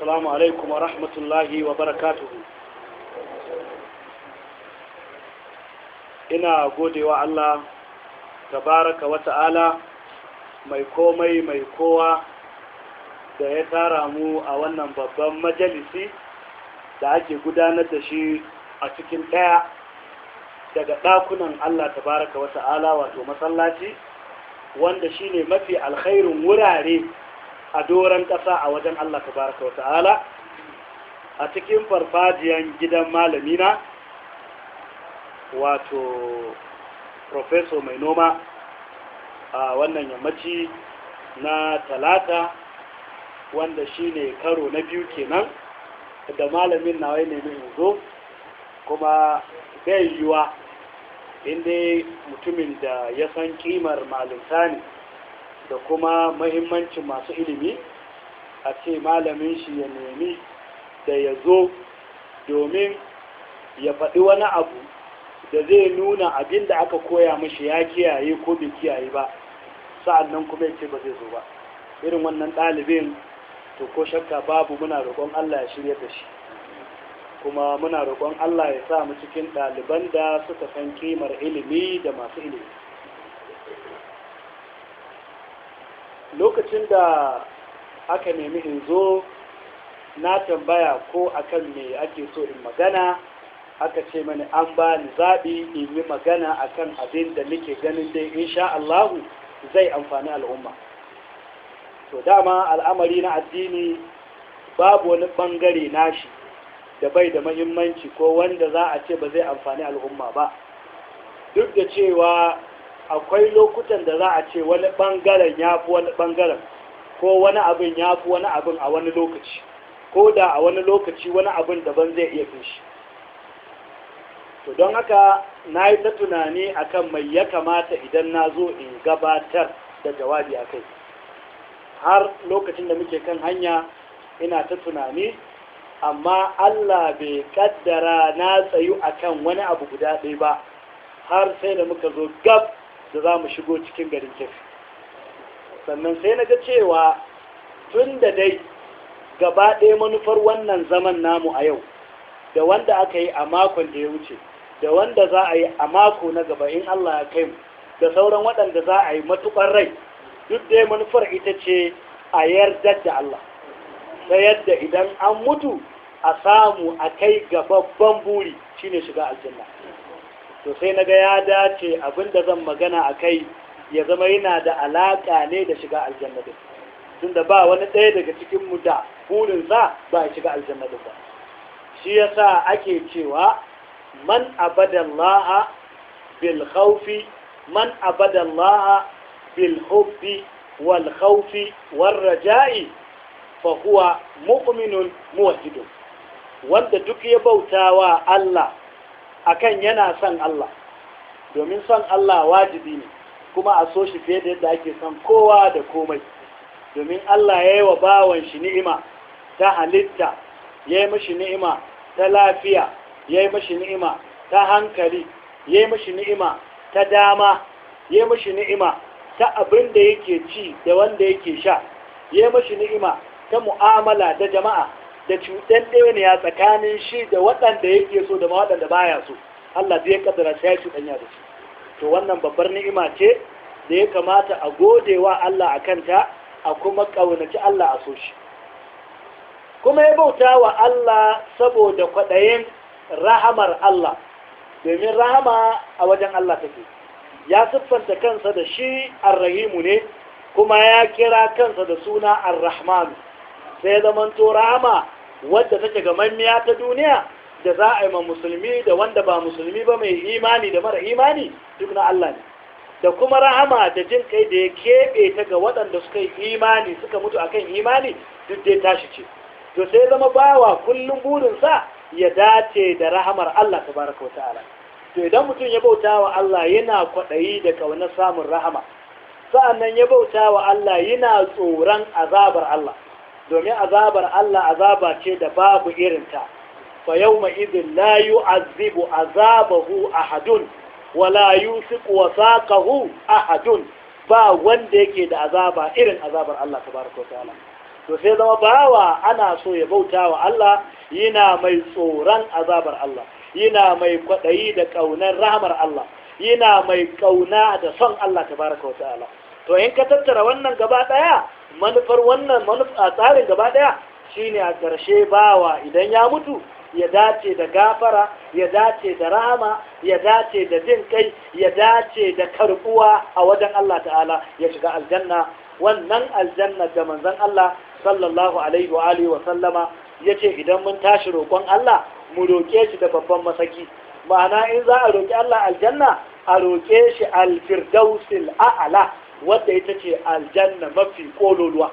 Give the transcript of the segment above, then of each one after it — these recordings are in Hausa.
السلام عليكم ورحمة الله وبركاته ina godewa Allah tabaraka wata'ala mai komai mai kowa da ya tara mu a wannan babban majalisi da ake gudanar da shi a cikin ɗaya daga ɗakunan Allah tabaraka wata'ala wato masallaci wanda shine mafi alkhairun wurare a doron ƙasa a wajen Allah baraka wa ta'ala a cikin farfajiyan gidan malamina wato profeso mai noma a wannan yammaci na talata wanda shi ne karo na biyu kenan da malamin na ne mai zo kuma zai yiwa inda mutumin da ya san kimar malinta ne da kuma mahimmancin masu ilimi a ce malamin shi ya nemi da ya zo domin ya faɗi wani abu da zai nuna abin da aka koya mashi ya kiyaye ko bai kiyaye ba sa'annan kuma ya ce ba zai zo ba irin wannan ɗalibin to ko shakka babu muna roƙon Allah ya shirya da shi kuma muna roƙon Allah ya sa mu cikin ɗaliban da suka san kimar ilimi da masu ilimi lokacin da aka nemi in zo na tambaya ko akan me ake so in magana aka ce mani an ba ni zaɓi in yi magana akan abin da nake ganin dai insha Allahu zai amfani al'umma to dama al'amari na addini babu wani ɓangare nashi da bai da mahimmanci ko wanda za a ce ba zai amfani al'umma ba duk da cewa akwai lokutan da za a ce wani ɓangaren ya fi wani ɓangaren ko wani abin ya fi wani abin a wani lokaci ko da a wani lokaci wani abin daban zai iya fi shi to don haka na yi ta tunani akan mai ya kamata idan na zo in gabatar da jawabi a kai har lokacin da muke kan hanya ina ta tunani amma Allah bai kaddara na tsayu akan wani abu guda ɗaya ba har sai da muka zo gab da za mu shigo cikin garin kefi sannan sai na ga cewa tun da dai gaba ɗaya manufar wannan zaman namu a yau da wanda aka yi a makon da ya wuce da wanda za a yi a mako na gaba in Allah ya kai mu da sauran waɗanda za a yi matuƙar rai duk dai manufar ita ce a yarda da Allah ta yadda idan an mutu a samu a kai ga babban buri shine shiga aljanna to sai na ga ya dace abinda zan magana a kai ya zama yana da alaƙa ne da shiga aljanna din tunda ba wani ɗaya daga cikin mu da burinsa ba a shiga aljanna ba shi yasa ake cewa man abadallaha bil khawfi man abadallaha bil hubbi wal khawfi war raja'i fa huwa mu'minun muwahhidun wanda duk ya bauta wa Allah akan yana son Allah domin son Allah wajibi ne kuma a so shi fiye da yadda ake son kowa da komai domin Allah ya yi wa bawan shi ni'ima ta halitta ya yi mashi ni'ima ta lafiya ya yi mashi ni'ima ta hankali ya yi mashi ni'ima ta dama ya yi mashi ni'ima ta abin da yake ci da wanda yake sha ya yi mashi ni'ima ta mu'amala da jama'a da ya tsakanin shi da waɗanda yake so da waɗanda waɗanda baya so Allah zai kaddara sai ya cuɗanya da shi to wannan babbar ni'ima ce da ya kamata a gode wa Allah a kanta a kuma ƙaunaci Allah a so shi kuma ya bauta wa Allah saboda kwaɗayin rahamar Allah domin rahama a wajen Allah take ya siffanta kansa da shi arrahimu ne kuma ya kira kansa da suna arrahmanu sai zamanto rahama wadda take gamammiya ta duniya da za a yi ma musulmi da wanda ba musulmi ba mai imani da mara imani duk na Allah ne da kuma rahama da jin kai da ya keɓe ta ga waɗanda suka yi imani suka mutu akan imani duk dai tashi ce to sai zama bawa kullum burinsa ya dace da rahamar Allah tabaraka wa ta'ala to idan mutum ya bauta wa Allah yana kwaɗayi da ƙaunar samun rahama sa'annan ya bauta wa Allah yana tsoron azabar Allah domin azabar Allah azaba ce da babu irinta fa yau ma'izin layu yi azibu azabahu ahadun wala yusiku wasaqahu ahadun ba wanda yake da azaba irin azabar Allah tabaraka ta'ala to sai zama bawa ana so ya bauta wa Allah yana mai tsoron azabar Allah yana mai kwaɗayi da ƙaunar rahmar Allah yana mai ƙauna da son Allah tabaraka ta'ala to in ka tattara wannan gaba ɗaya manufar wannan manufa tsarin gaba daya shine a ƙarshe bawa idan ya mutu ya dace da gafara ya dace da rahama ya dace da jin kai ya dace da karbuwa a wajen Allah ta'ala ya shiga aljanna wannan aljanna da manzon Allah sallallahu alaihi wa alihi wa sallama yace idan mun tashi roƙon Allah mu roƙe shi da babban masaki ma'ana in za a roƙi Allah aljanna a roƙe shi alfirdausil a'ala wadda ita ce aljanna mafi kololuwa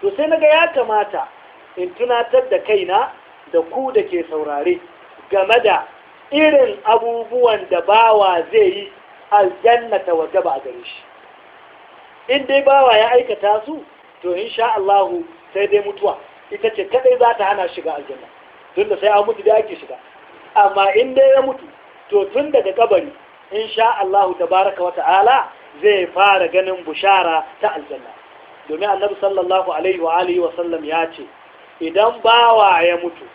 to sai naga ya kamata in tunatar da kaina da ku da ke saurare game da irin abubuwan da bawa zai yi aljanna ta waje ba a gare shi in dai bawa ya aikata su to sha Allahu sai dai mutuwa ita ce kadai za ta hana shiga aljanna tun da sai an mutu da ake shiga amma in dai ya mutu to tun daga kabari in sha Allahu tabaraka wa ta'ala zai fara ganin bushara ta aljanna domin annabi sallallahu alaihi wa alihi wa sallam ya ce idan bawa ya mutu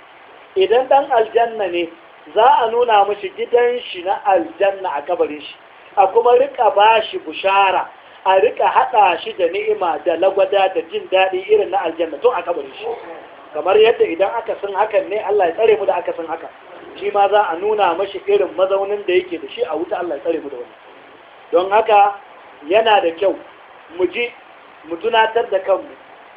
idan dan aljanna ne za a nuna mashi gidan shi na aljanna a kabarin shi a kuma rika bashi bushara a rika hada shi da ni'ima da lagwada da jin daɗi irin na aljanna tun a kabarin shi kamar yadda idan aka san hakan ne Allah ya tsare mu da aka san haka shi ma za a nuna mashi irin mazaunin da yake da shi a wuta Allah ya tsare mu da wani don haka yana da kyau mu ji mu tunatar da kanmu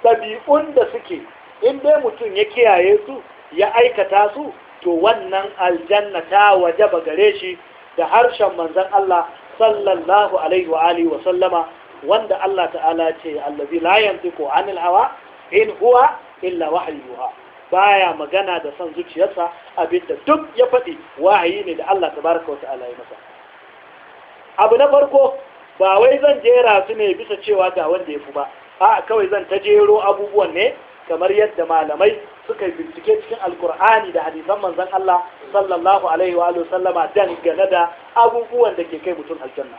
ɗabi'un da suke in dai mutum ya kiyaye su ya aikata su to wannan aljanna ta ba gare shi da harshen manzon Allah sallallahu alaihi wa alihi wa sallama wanda Allah ta'ala ce allazi la yantiqu anil hawa in huwa illa wahyuha baya magana da son zuciyarsa abinda duk ya faɗi wahayi ne da Allah tabaraka wa ta'ala ya masa abu na farko ba wai zan jera su ne bisa cewa ga wanda ya fi ba a kawai zan ta jero abubuwan ne kamar yadda malamai suka yi bincike cikin alkur'ani da hadisan manzan Allah sallallahu alaihi wa sallama dangane da abubuwan da ke kai mutum aljanna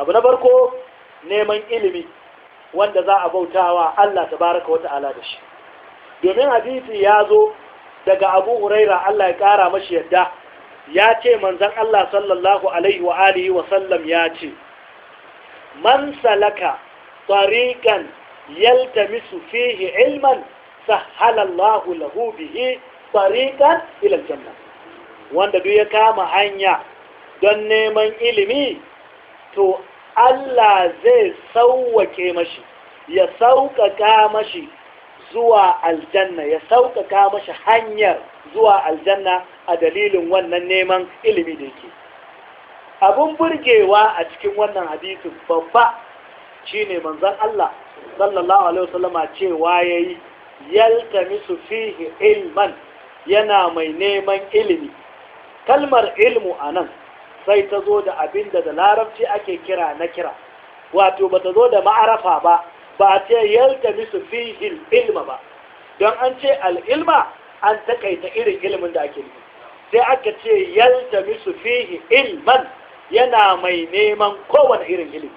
abu na farko neman ilimi wanda za a bautawa Allah tabaraka wata'ala da shi domin hadisi ya zo daga Abu Huraira Allah ya kara mashi yadda ya ce manzan Allah sallallahu alaihi wa sallam ya ce man salaka tariqan yaltamisu fihi ilman sahala Allah lahu bihi tariqan ila aljanna wanda duk ya kama hanya don neman ilimi to Allah zai sauwake mashi ya sauƙaƙa mashi zuwa aljanna ya sauƙaƙa mashi hanyar zuwa aljanna a dalilin wannan neman ilimi da yake abin burgewa a cikin wannan hadisin babba shine manzon Allah sallallahu alaihi wasallama cewa yayi yaltamisu fihi ilman yana mai neman ilimi kalmar ilmu anan sai ta zo da abinda da larabci ake kira na kira wato bata zo da ma'arafa ba ba ce yaltamisu fihi ilma ba don an ce al'ilma an taƙaita irin ilimin da ake nufi sai aka ce yaltamisu fihi ilman yana mai neman kowane irin ilimi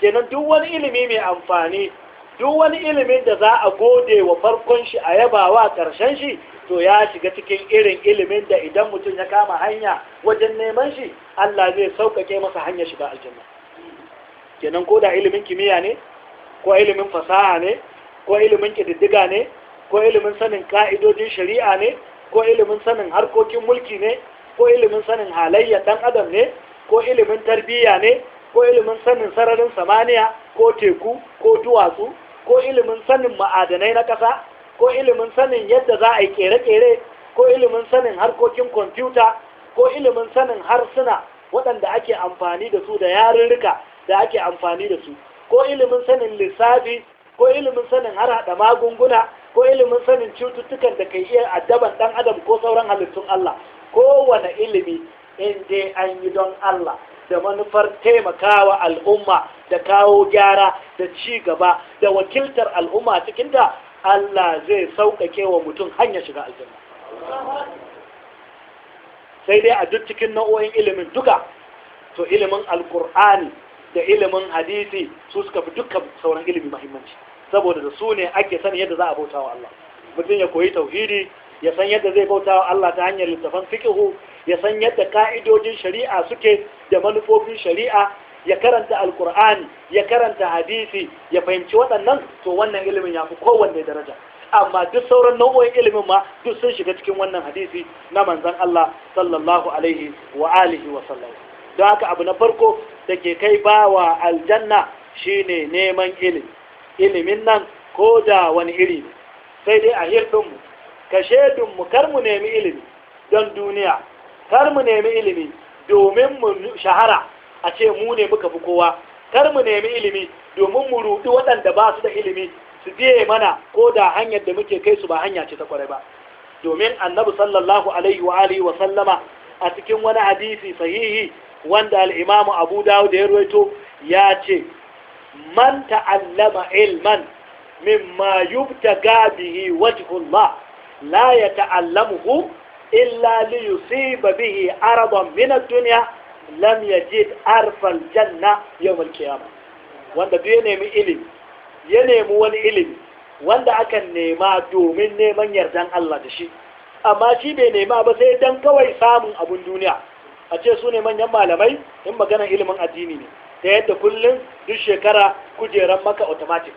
kenan duk wani ilimi mai amfani duk wani ilimin da za a gode wa farkon shi a yabawa karshen shi to ya shiga cikin irin ilimin da idan mutum ya kama hanya wajen neman shi Allah zai sauƙaƙe masa hanyar shiga aljanna kenan ko da ilimin kimiyya ne ko ilimin fasaha ne ko ilimin kididdiga ne ko ilimin sanin ka'idodin shari'a ne ko ilimin sanin harkokin mulki ne ko ilimin sanin halayya dan adam ne ko ilimin tarbiyya ne ko ilimin sanin sararin samaniya ko teku ko duwatsu ko ilimin sanin ma'adanai na ƙasa ko ilimin sanin yadda za a yi kere-kere ko ilimin sanin harkokin kwamfuta ko ilimin sanin harsuna waɗanda ake amfani da su da yarurruka da ake amfani da su ko ilimin sanin lissafi ko ilimin sanin har haɗa magunguna ko ilimin sanin cututtukan da yi iya addaban ɗan adam ko sauran halittun Allah kowane ilimi in dai an yi don Allah da manufar taimakawa al'umma da kawo gyara da ci gaba da wakiltar al'umma cikinta Allah zai sauƙaƙe wa mutum hanyar shiga aljanna sai dai a duk cikin nau'o'in ilimin duka to ilimin alkur'ani da ilimin hadisi su suka fi dukkan sauran ilimi mahimmanci saboda da su ne ake sani yadda za a bauta wa Allah mutum ya koyi tauhidi ya san yadda zai bauta wa Allah ta hanyar littafan fikihu ya san yadda ka'idojin shari'a suke da manufofin shari'a ya karanta alkur'ani ya karanta hadisi ya fahimci waɗannan to wannan ilimin ya fi kowanne daraja amma duk sauran nau'o'in ilimin ma duk sun shiga cikin wannan hadisi na manzon Allah sallallahu alaihi wa alihi wa sallam don haka abu na farko da ke kai bawa aljanna shine neman ilimi ilimin nan ko da wani iri sai dai a hirɗinmu ka shaidunmu kar mu nemi ilimi don duniya kar mu nemi ilimi domin mu shahara a ce mu ne muka fi kowa kar mu nemi ilimi domin mu rudu waɗanda ba su da ilimi su biye mana ko da hanyar da muke kai su ba hanya ce ta kwarai ba domin annabi sallallahu alaihi wa alihi wa sallama a cikin wani hadisi sahihi wanda al-imam Abu Dawud ya ruwaito ya ce man ta'allama ilman mimma yubtaga bihi wajhullah la ya ta'allamuhu illa li yusiba bihi aradan na ad-dunya lam yajid janna wanda duk ya nemi ilimi ya nemi wani ilimi wanda akan nema domin neman yardan Allah da shi amma shi bai nema ba sai dan kawai samun abun duniya a ce su ne manyan malamai in magana ilimin addini ne ta yadda kullum duk shekara kujeran maka automatic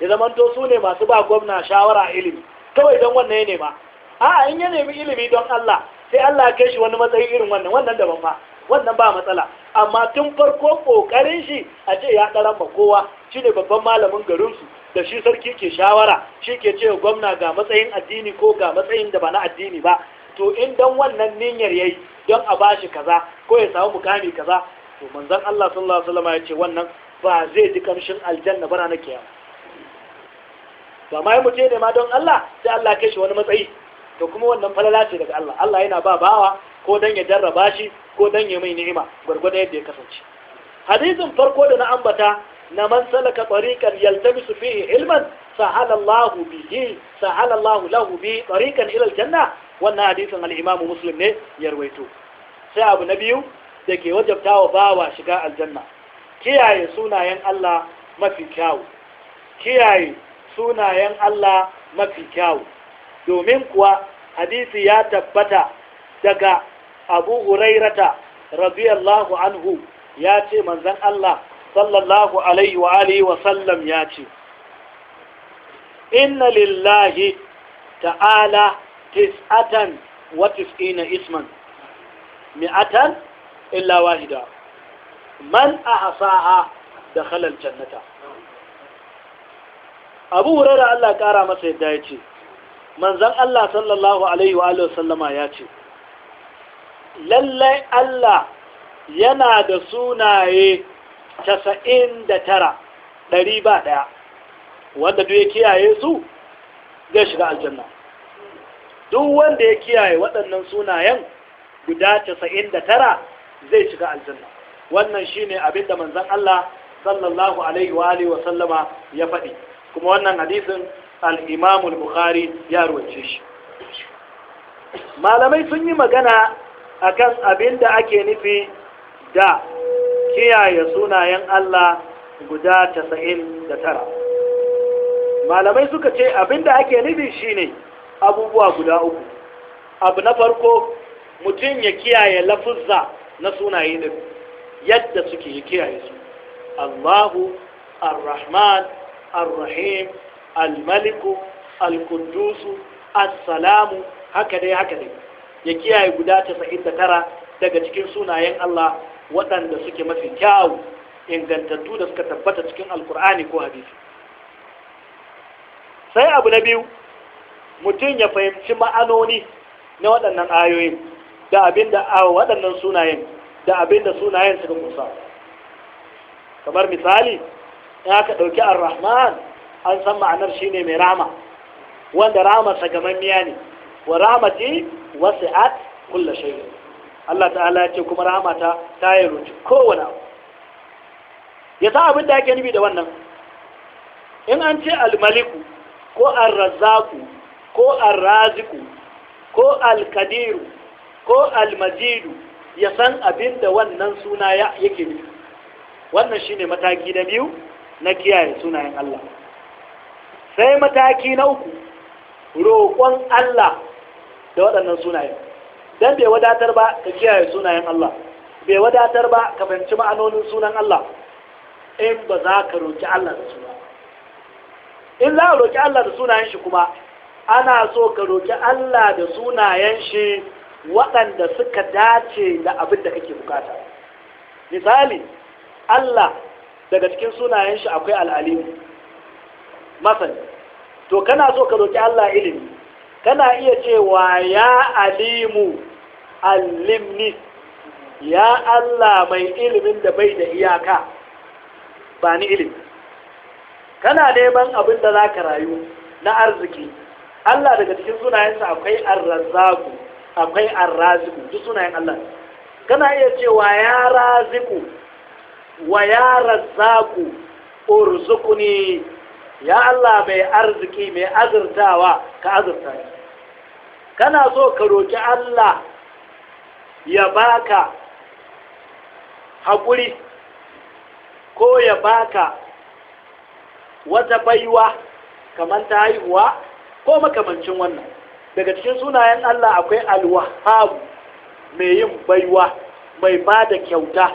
ya zamanto su ne masu ba gwamna shawara ilimi kawai don wannan ya nema a'a in ya nemi ilimi don Allah sai Allah ya kai shi wani matsayi irin wannan wannan daban ba, wannan ba matsala amma tun farko kokarin shi a ce ya ɗaran ma kowa shi ne babban malamin su da shi sarki ke shawara shi ke ce gwamna ga matsayin addini ko ga matsayin da ba na addini ba to in don wannan niyyar yayi don a bashi kaza ko ya samu mukami kaza to manzon Allah sallallahu alaihi wasallam ya ce wannan ba zai ji kamshin aljanna bara na kiyama to amma ya mutu ne ma don Allah sai Allah kai shi wani matsayi to kuma wannan falala ce daga Allah Allah yana ba bawa ko dan ya jarraba shi ko dan ya mai ni'ima gwargwadon yadda ya kasance hadisin farko da na ambata na man salaka tariqan yaltamisu fihi ilman sahala Allah bihi Sahala Allah lahu bi tariqan ila aljanna wannan hadisin al-Imam Muslim ne ya rawaito sai abu na biyu da ke wajabtawa bawa shiga aljanna kiyaye sunayen Allah mafi kyawu kiyaye sunayen Allah mafi kyau domin kuwa hadisi ya tabbata daga abu hurairata radiyallahu anhu ya ce manzan Allah sallallahu alaihi wa alihi wa sallam ya ce inna lillahi ta'ala tis'atan wa tis'ina isman mi'atan illa wahida man ahsaha dakhala al-jannata abu hurara Allah kara masa yadda ya ce manzan Allah sallallahu alaihi wa sallama ya ce lallai Allah yana da sunaye casa'in da tara ɗari ba ɗaya wanda duk ya kiyaye su zai shiga aljanna duk wanda ya kiyaye waɗannan sunayen guda casa'in da tara zai shiga aljanna wannan shine abinda manzan Allah sallallahu alaihi wa sallama ya faɗi kuma wannan hadisin al-imam bukhari ya ruwace shi malamai sun yi magana akan abin da ake nufi da kiyaye sunayen Allah guda 99 malamai suka ce abin da ake nufi shine abubuwa guda uku abu na farko mutum ya kiyaye lafuzza na sunaye da yadda suke kiyaye su Allahu Ar-Rahman الرحيم الملك القدوس السلام هكذا هكذا يكيا يقدا تسعين ترى daga cikin sunayen Allah waɗanda suke mafi kyawu ingantattu da suka tabbata cikin alkur'ani ko hadisi sai abu na biyu mutum ya fahimci ma'anoni na waɗannan ayoyin da abin da waɗannan sunayen da abin da sunayen suka kusa kamar misali ya aka ɗauki ar-rahman an san ma'anar shine mai rama wanda rama manmiya ne wa ramati wasi'at kulla shay'in Allah ta'ala ya ce kuma rama ta yi ruci kowane ya sa abin da ake nufi da wannan in an ce maliku ko arrazaku ko arraziku ko al alkadiru ko al al-majid ya san abin da wannan suna yake nufi wannan shine mataki na biyu na kiyaye sunayen Allah sai mataki na uku roƙon Allah da waɗannan sunayen don bai wadatar ba ka kiyaye sunayen Allah bai wadatar ba ka fahimci ma'anonin sunan Allah in ba za ka roƙi Allah da suna in za a roƙi Allah da sunayen shi kuma ana so ka roƙi Allah da sunayen shi waɗanda suka dace da abin da kake bukata misali Allah daga cikin sunayen shi akwai al'alim masani to kana so ka roki Allah ilimi kana iya cewa ya alimu alimni ya Allah mai ilimin da bai da iyaka ba ni ilimi kana neman abin da za ka rayu na arziki Allah daga cikin sunayensa akwai arrazaku akwai arraziku duk sunayen Allah kana iya cewa ya raziku wa ya razzaku urzukuni ya Allah mai arziki mai azurtawa ka azurta ni kana so ka roki Allah ya baka haƙuri ko ya baka wata baiwa kamar ta haihuwa ko makamancin wannan daga cikin sunayen Allah akwai alwahabu mai yin baiwa mai ba da kyauta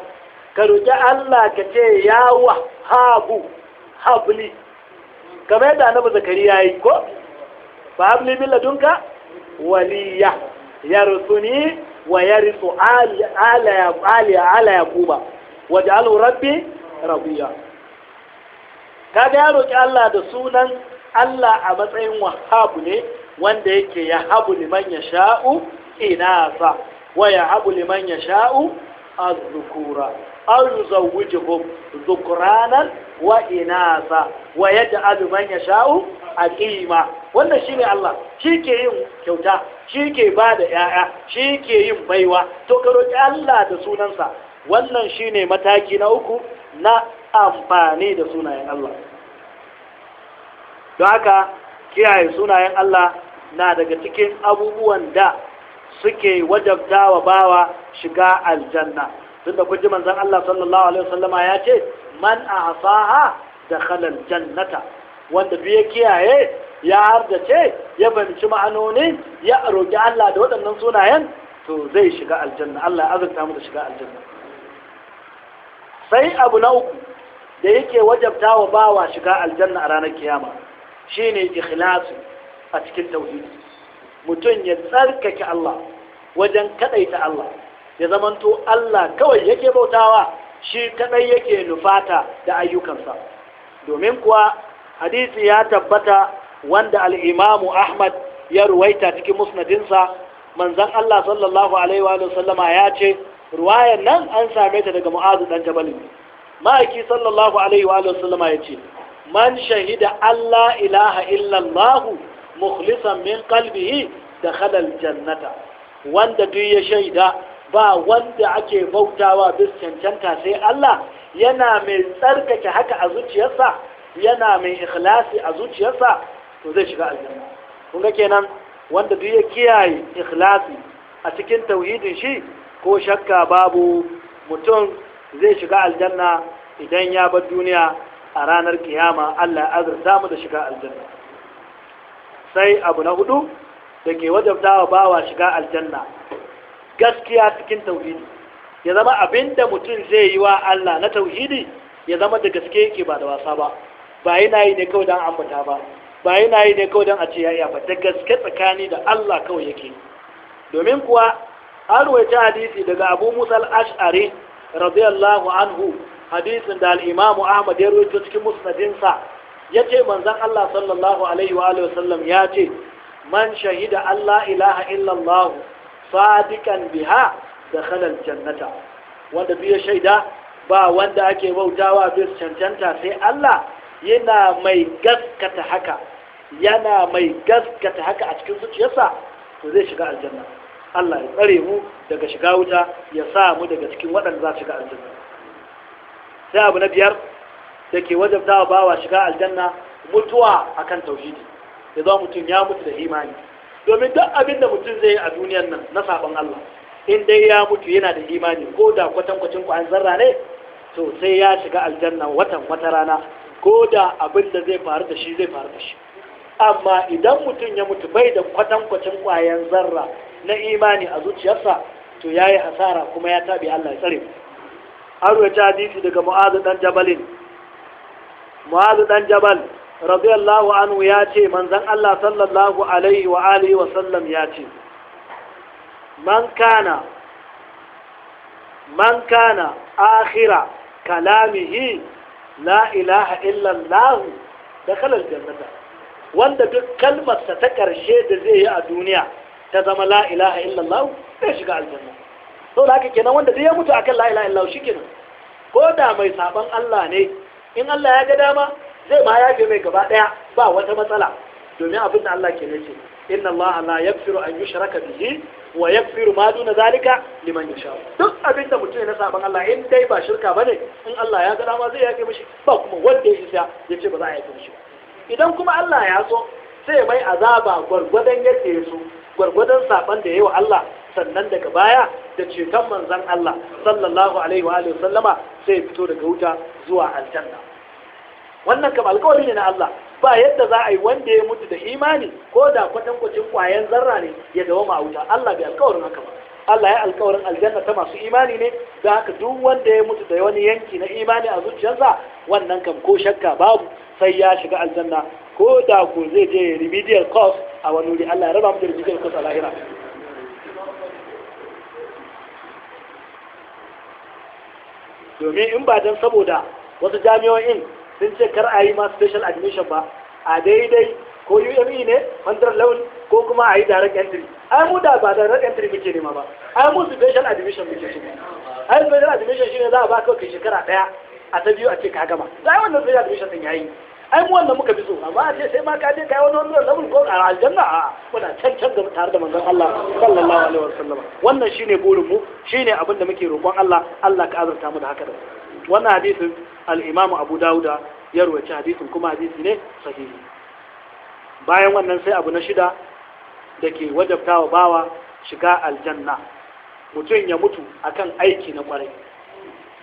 ka roƙi Allah ka ce ya wa habu habli kamar yadda annabi ya yi ko fa habli min ladunka waliya yarithuni wa yarithu ala ala yaquba waj'alhu rabbi rabiya kaga ya roƙi Allah da sunan Allah a matsayin wahabu ne wanda yake ya habu liman ya sha'u inasa wa ya habu liman ya sha'u az-zukura aw yuzawwijuhum dhukranan wa inasa wa yaj'alu man yasha'u aqima wannan shine Allah shi ke yin kyauta shi ke ba da ‘ya'ya shi ke yin baiwa to ka roƙi Allah da sunansa wannan shine mataki na uku na amfani da sunayen Allah don haka kiyaye sunayen Allah na daga cikin abubuwan da suke wajabta wa bawa shiga aljanna Tunda da kuji manzan Allah sallallahu alaihi wasallama ya ce man da dakhala jannata. wanda duk ya kiyaye ya hardace ya banci ma'anoni ya roki Allah da waɗannan sunayen to zai shiga aljanna Allah ya azurta mu da shiga aljanna sai abu na uku da yake wajabta wa bawa shiga aljanna a ranar kiyama shine ikhlasu a cikin tauhidi mutum ya tsarkake Allah wajen kadaita Allah ya zamanto Allah kawai yake bautawa shi kadai yake nufata da ayyukansa domin kuwa hadisi ya tabbata wanda al'imamu Ahmad ya ruwaita cikin musnadinsa manzan Allah sallallahu alaihi ya ce ruwayar nan an same ta daga mu'azu dan jabalin ma'aiki sallallahu alaihi wa ya ce man shahida Allah ilaha illallahu mukhlisan min da dakhala jannata wanda duk ya shaida ba wanda ake bautawa bis cancanta sai Allah yana mai tsarkake haka a zuciyarsa yana mai ikhlasi a zuciyarsa to zai shiga aljanna kun ga kenan wanda duk ya kiyaye ikhlasi a cikin tauhidin shi ko shakka babu mutum zai shiga aljanna idan ya bar duniya a ranar kiyama Allah azurta mu da shiga aljanna sai abu na hudu da ke wajabta bawa shiga aljanna gaskiya cikin tauhidi ya zama abinda mutum zai yi wa Allah na tauhidi ya zama da gaske yake ba da wasa ba ba yana yi ne kawai don ambata ba ba yana yi ne kawai don a ce ya ba da gaske tsakani da Allah kawai yake domin kuwa an ruwaita hadisi daga Abu Musa al-Ash'ari radiyallahu anhu hadisin da al Ahmad ya ruwaito cikin musnadinsa ya ce manzan Allah sallallahu alaihi wa sallam ya ce man shahida Allah ilaha illallah sadiqan biha Khalal Jannata, wanda biya shaida ba wanda ake bautawa bis cancanta sai Allah yana mai gaskata haka yana mai gaskata haka a cikin zuciyarsa to zai shiga aljanna Allah ya tsare mu daga shiga wuta ya sa mu daga cikin waɗanda za su shiga aljanna sai abu na biyar da ke wajabta wa bawa shiga aljanna mutuwa akan tauhidi ya zama mutum ya mutu da imani domin duk abin da mutum zai yi a duniyar nan na sabon Allah in dai ya mutu yana da imani ko da kwatankwacin ku zarra ne to sai ya shiga aljanna watan wata rana ko da abin da zai faru da shi zai faru da shi amma idan mutum ya mutu bai da kwatankwacin kwayan zarra na imani a zuciyarsa to ya yi hasara kuma ya tabi Allah ya tsare har wace hadisi daga mu'azu dan jabalin mu'azu dan jabal radiyallahu anhu ya ce manzan Allah sallallahu alaihi wa alihi wa sallam ya ce man kana man kana akhira kalamihi la ilaha illa Allah dakhala aljannata wanda duk kalmarsa ta karshe da zai yi a duniya ta zama la ilaha illa Allah zai shiga aljanna sau da haka kenan wanda zai mutu akan la ilaha illa Allah shikenan ko da mai saban Allah ne in Allah ya ga dama zai ma yafe mai gaba ɗaya ba wata matsala domin abin da Allah ke nace inna Allah la yaghfiru an yushraka bihi wa yaghfiru ma duna zalika liman yasha duk abin da mutum na saban Allah in dai ba shirka bane in Allah ya ga dama zai yafe mishi ba kuma wanda ya isa ya ce ba za a yafe mishi idan kuma Allah ya so sai mai azaba gwargwadon yadda ya so gwargwadon saban da ya yi wa Allah sannan daga baya da ceton manzon Allah sallallahu alaihi wa sallama sai fito daga wuta zuwa aljanna wannan kam alkawari ne na Allah ba yadda za a yi wanda ya mutu da imani ko da kwatankwacin kwayan zarra ne ya dawama a wuta Allah bai alkawarin haka ba Allah ya alkawarin aljanna ta masu imani ne da haka duk wanda ya mutu da wani yanki na imani a zuciyarsa wannan kam ko shakka babu sai ya shiga aljanna ko da ko zai je remedial course a wani wuri Allah ya raba mu da remedial course a lahira domin in ba dan saboda wasu jami'o'in sun ce kar a yi ma special admission ba a daidai ko UME ne hundred loan ko kuma a yi direct entry ai mu da ba direct entry muke nema ba ai mu special admission muke shi ai special admission shine za a ba kai shekara daya a ta biyu a ce ka gama sai wannan special admission din yayi ai mu wannan muka fi so amma a ce sai ma ka je kai wani wannan loan ko a aljanna a muna can can tare da manzon Allah sallallahu alaihi wasallam wannan shine burin mu shine abin da muke roƙon Allah Allah ka azurta mu da haka da wannan hadisin al abu dauda ya rawaci hadisin kuma hadisi ne sahihi bayan wannan sai abu na shida da ke wajabta wa bawa shiga aljanna mutum ya mutu akan aiki na kwarai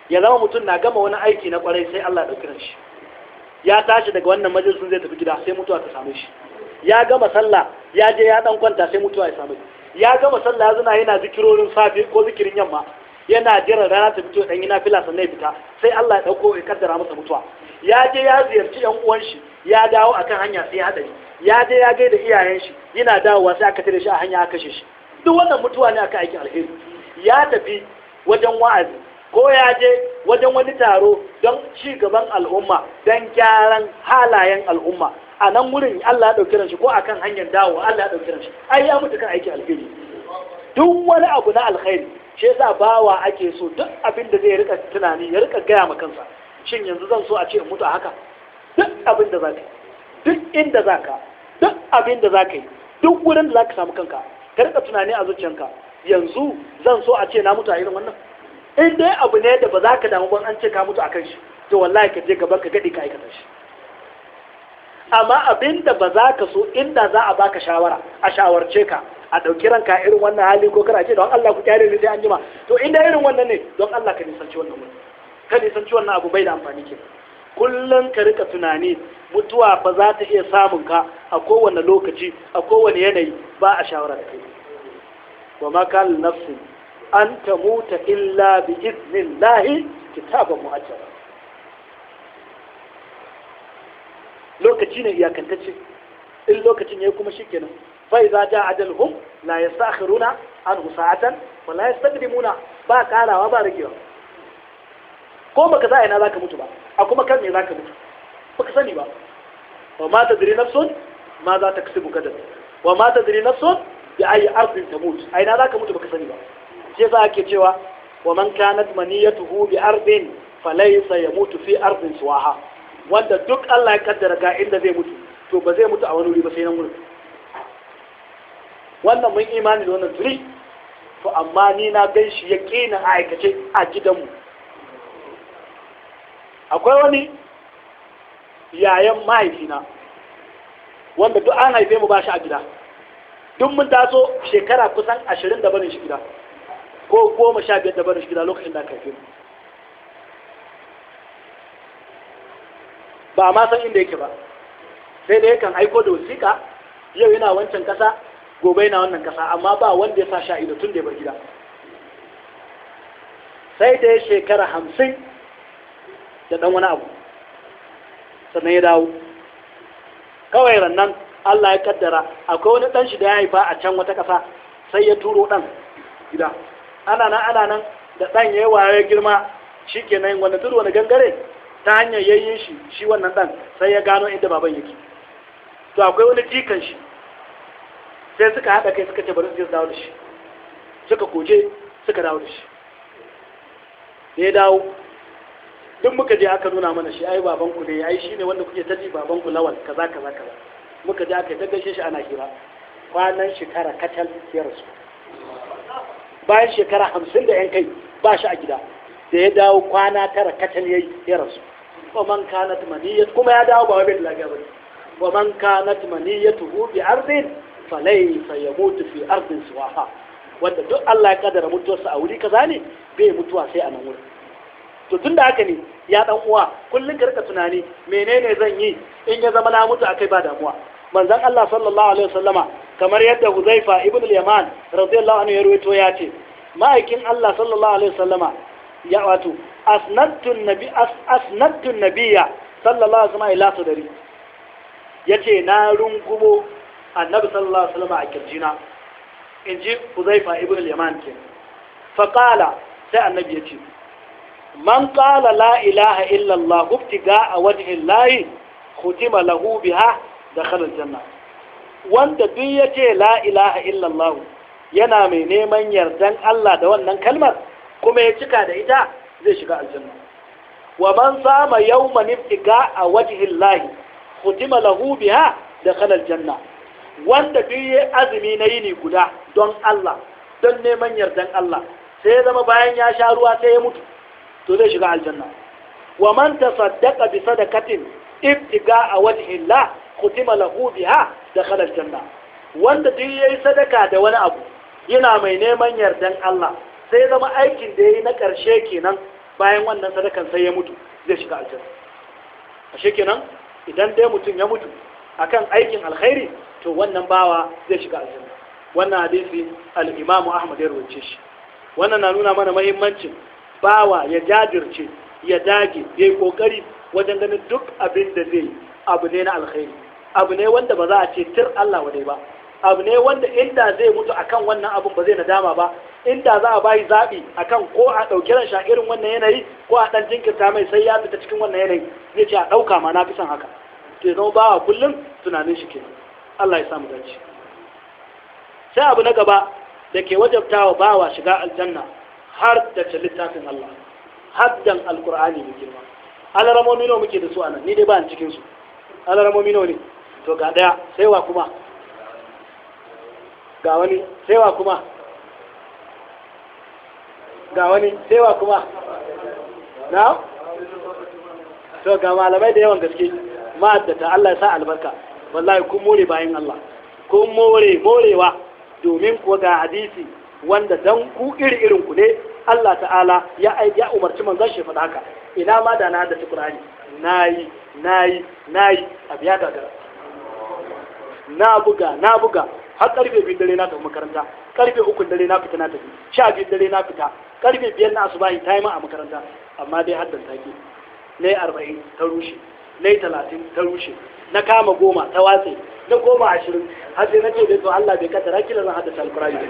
ya zama mutum na gama wani aiki na kwarai sai Allah ya ɗauki shi ya tashi daga wannan majalisun zai tafi gida sai mutuwa ta same shi ya gama sallah ya je ya dan kwanta sai mutuwa ya same shi ya gama sallah ya yana zikirorin safe ko zikirin yamma yana jiran rana ta fito dan yana fila sannan ya fita sai Allah ya dauko ya kaddara masa mutuwa ya je ya ziyarci yan uwan shi ya dawo akan hanya sai ya hadari ya je ya gaida iyayen shi yana dawowa sai aka tare shi a hanya aka kashe shi duk wannan mutuwa ne aka aiki alheri ya tafi wajen wa'azi ko ya je wajen wani taro don ci gaban al'umma don gyaran halayen al'umma a nan wurin Allah ya ɗauki shi ko akan hanyar dawo Allah ya ɗauki shi? ai ya mutu kan aiki alheri duk wani abu na alkhairi shi yasa bawa ake so duk abin da zai rika tunani ya rika gaya ma kansa shin yanzu zan so a ce in mutu a haka duk abin da za ka duk inda za ka duk abin da za ka yi duk wurin da za ka samu kanka ka rika tunani a zuciyanka yanzu zan so a ce na mutu a irin wannan in dai abu ne da ba za ka damu ban an ce ka mutu a kan shi to wallahi ka je gaban ka gadi ka aikata shi amma abin da ba za ka so inda za a baka shawara a shawarce ka a ɗauki ranka irin wannan hali ko kana ce don Allah ku kyale ni sai an jima to in da irin wannan ne don Allah ka nisanci wannan wani ka nisanci wannan abu bai da amfani ke kullum ka rika tunani mutuwa fa za ta iya samun ka a kowane lokaci a kowane yanayi ba a shawara da kai wa ma kal nafsin an tamuta illa bi iznillahi kitabun mu'ajjala lokaci ne iyakantacce in lokacin ya kuma shikenan فإذا جاء أجلهم لا يستأخرون عنه ساعة ولا يستقدمون ba karawa ba ragewa ko baka sa ina zaka mutu ba a kuma kan me zaka mutu baka sani ba wa ma tadri nafsun ma za ta kasu wa ma tadri nafsun bi ayi ardin tamut a ina zaka mutu baka sani ba sai cewa wa man fi wanda duk Allah ya kaddara ga inda zai mutu to ba zai mutu a wani wuri ba sai nan wurin wannan mun imani da wannan turi to amma ni na gan shi ya ƙina a aikace a gidanmu akwai wani yayan mahaifina wanda duk an haife mu ba shi a gida duk mun taso shekara kusan ashirin da barin shi gida ko goma sha biyar da barin shi gida lokacin da aka haife ba ma san inda yake ba sai da yakan aiko da wasiƙa yau yana wancan ƙasa gobe na wannan kasa amma ba wanda ya sa sha ido tun da ya bar gida sai da ya shekara hamsin da ɗan wani abu sannan ya dawo kawai rannan Allah ya kaddara akwai wani ɗanshi shi da ya haifa a can wata kasa sai ya turo ɗan gida ana nan ana nan da ɗan ya waye girma shi ke wanda turu wani gangare ta hanyar yayin shi shi wannan ɗan sai ya gano inda baban yake to akwai wani jikan shi sai suka haɗa kai suka ce bari su dawo da shi suka koje suka dawo da shi da ya dawo duk muka je aka nuna mana shi ai babanku ne ai shi ne wanda kuke ta ji babanku lawal kaza kaza kaza muka je aka yi gaggashe shi ana hira kwanan shekara kacal ya rasu bayan shekara hamsin da yan kai ba shi a gida da ya dawo kwana tara kacal ya ya rasu wa man kanat maniyat kuma ya dawo ba wai bai lafiya bane wa man kanat maniyatuhu bi ardin falaifa ya mutu fi ardin suwaha wanda duk Allah ya kadara mutuwarsa a wuri kaza ne bai mutuwa sai a nan wurin to tun da haka ne ya dan uwa kullum ka rika tunani menene zan yi in ya zama na mutu akai ba damuwa manzon Allah sallallahu alaihi wasallama kamar yadda Huzaifa ibn al-Yaman radiyallahu anhu ya rawaito ya ce ma'aikin Allah sallallahu alaihi wasallama ya wato asnadtu nabi asnadtu nabiyya sallallahu alaihi wasallama ila sadari yace na rungumo annabi sallallahu alaihi wasallam a kirjina in ji huzaifa ibn al-yaman ke faƙala sai annabi ya ce man ƙala la ilaha illallah ga a wajen layi hutima lahu biha da khalal janna wanda duk ya ce la ilaha illallah yana mai neman yardan Allah da wannan kalmar kuma ya cika da ita zai shiga aljanna wa man sama yawman ibtiga a wajen layi hutima lahu biha da khalal janna wanda duk ya azumi na yini guda don Allah don neman yardan Allah sai ya zama bayan ya sha ruwa sai ya mutu to zai shiga aljanna wa man tasaddaqa bi sadaqatin ibtiga a wajhi Allah kutima lahu biha dakhala aljanna wanda duk yayi sadaka da wani abu yana mai neman yardan Allah sai zama aikin da yayi na karshe kenan bayan wannan sadakan sai ya mutu zai shiga aljanna ashe kenan idan dai mutum ya mutu akan aikin alkhairi to wannan bawa zai shiga aljanna wannan hadisi al-Imam Ahmad ya rawace shi wannan na nuna mana muhimmancin bawa ya jajirce ya dage ya yi kokari wajen ganin duk abin da zai abu ne na alkhairi abu ne wanda ba za a ce tir Allah wadai ba abu ne wanda inda zai mutu akan wannan abun ba zai nadama ba inda za a bayi zaɓi akan ko a ɗauke ran irin wannan yanayi ko a ɗan jinkirta mai sai ya fita cikin wannan yanayi zai ce a ɗauka ma na fi son haka to zama bawa kullum tunanin shi kenan Allah ya samu dace sai abu na gaba da ke wajabta wa bawa shiga aljanna har da ta littafin Allah haddan alqur'ani mai girma alaramomi nawa muke da su anan ni dai ba cikin su alaramomi nawa ne to ga daya sai wa kuma ga wani sai wa kuma ga wani sai wa kuma na to ga malamai da yawan gaske ma'addata Allah ya sa albarka wallahi kun more bayan Allah kun more morewa domin kuwa ga hadisi wanda dan ku iri irin ku ne Allah ta'ala ya ya umarci manzon shi faɗa haka ina ma da na da Qur'ani nayi nayi nayi abiya gagara na buga na buga har karfe biyu dare na tafi makaranta karfe ukun dare na fita na tafi sha biyu dare na fita karfe biyar na asuba ta yi ma a makaranta amma dai haddan take ne arba'in ta rushe na yi talatin ta rushe na kama goma ta watse na goma ashirin har sai na ce dai to Allah bai kaddara kila zan haddace alkurani al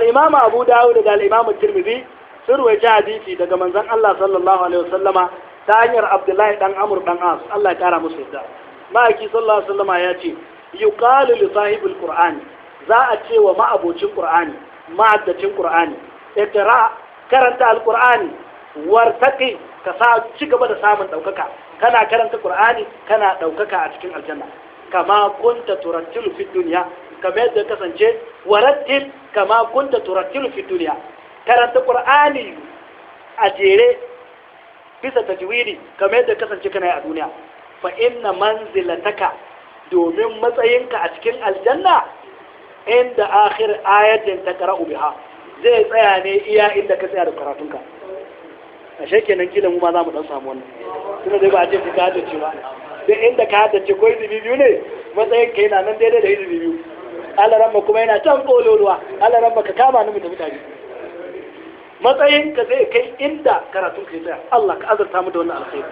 al'imama Abu dawo da al'imama imam Tirmidhi sun ruwaita hadisi daga manzan Allah sallallahu alaihi wasallama ta hanyar Abdullahi dan amur dan As Allah ya kara musu yadda ma'aiki sallallahu alaihi wasallama ya ce yuqalu li sahibul qur'ani za a ce wa ma'abocin qur'ani ma'addacin qur'ani ikra karanta alqur'ani wartaqi ka sa ci gaba da samun ɗaukaka kana karanta qur'ani kana ɗaukaka a cikin aljanna kama kunta turattilu fi dunya kama yadda kasance warattil kama kunta turattilu fi dunya karanta qur'ani a jere bisa tajwidi kama yadda kasance kana yi a duniya fa inna manzilataka domin matsayinka a cikin aljanna inda akhir ayatin takra'u biha zai tsaya ne iya inda ka tsaya da karatunka a shekenan kila mu ma za mu dan samu wannan tunda dai ba a ce ka haddace ba duk inda ka haddace ko izini biyu ne matsayin ka yana nan daidai da izini biyu Allah ramma kuma yana can kololuwa Allah ramma ka kama ni mu tafi tare matsayin ka zai kai inda karatun ka tsaya Allah ka azurta mu da wannan alkhairi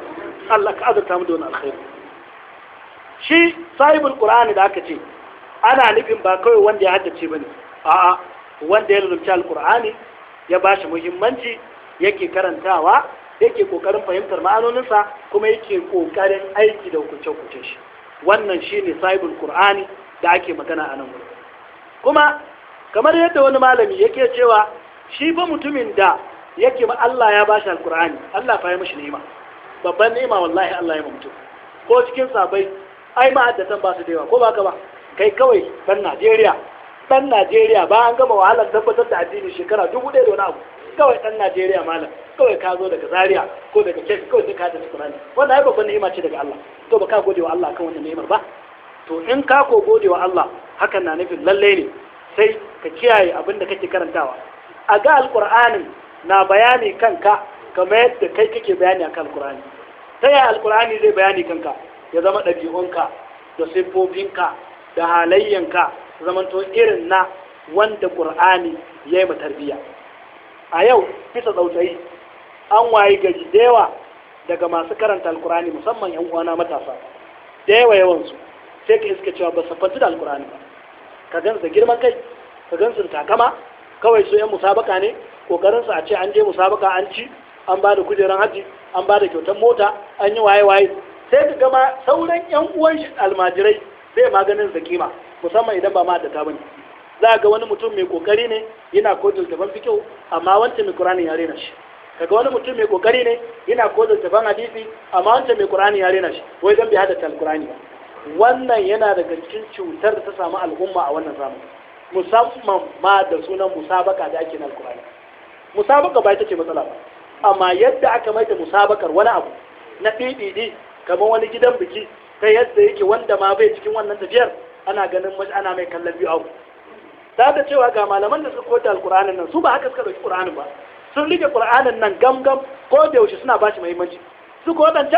Allah ka azurta mu da wannan alkhairi shi sahibul qur'ani da aka ce ana nufin ba kawai wanda ya haddace bane a'a wanda ya lulubci alkur'ani ya ba shi muhimmanci yake karantawa yake kokarin fahimtar ma'anoninsa kuma yake kokarin aiki da hukunce-hukuncen shi wannan shine sahibul qur'ani da ake magana a nan gurin kuma kamar yadda wani malami yake cewa shi fa mutumin da yake ma Allah ya bashi alqur'ani Allah fa ya mishi ni'ima babban ni'ima wallahi Allah ya mutum ko cikin sabai ai ma haddatan ba su da yawa ko ba ka ba kai kawai dan Najeriya ɗan Najeriya ba an gama wahalar tabbatar da addini shekara dubu ɗaya da wani abu kawai ɗan Najeriya malam kawai ka zo daga Zaria ko daga Kebbi kawai sai ka da Qur'ani wannan ai babban ni'ima ce daga Allah to ba ka gode wa Allah kan wannan ni'imar ba to in ka ko gode wa Allah hakan na nufin lalle ne sai ka kiyaye abin da kake karantawa a ga alƙur'anin na bayani kanka kamar yadda kai kake bayani akan alƙur'ani ta yaya alƙur'ani zai bayani kanka ya zama ɗabi'unka da siffofinka da halayyanka zamanto irin na wanda ƙur'ani ya yi tarbiyya a yau bisa tsautsayi an wayi gari da yawa daga masu karanta alkur'ani musamman yan uwana matasa da yawa yawansu sai ka iska cewa ba saffanci da alkur'ani ba ka gan su da girman kai ka gan su da takama kawai su yan musabaka ne kokarin su a ce an je musabaka an ci an ba da kujeran hajji an ba da kyautar mota an yi waye waye sai ka gama sauran yan uwan almajirai zai maganin zakima musamman idan ba ma da ta bane za ga wani mutum mai kokari ne yana kodin daban fikihu amma wancan mai qur'ani ya rena shi kaga wani mutum mai kokari ne yana kodin daban hadisi amma wancan mai qur'ani ya rena shi wai dan bai hada ta alqur'ani wannan yana daga cikin cutar da ta samu al'umma a wannan zamani musamman ma da sunan musabaka da ake na alqur'ani musabaka ba ita ce matsala ba amma yadda aka maida musabakar wani abu na ɗiɗiɗi kamar wani gidan biki ta yadda yake wanda ma bai cikin wannan tafiyar ana ganin mace ana mai kallon biyu abu ta da cewa ga malaman da suka kota alkur'anin nan su ba haka suka ɗauki ƙur'anin ba sun rike ƙur'anin nan gamgam ko da yaushe suna ba shi muhimmanci su ko can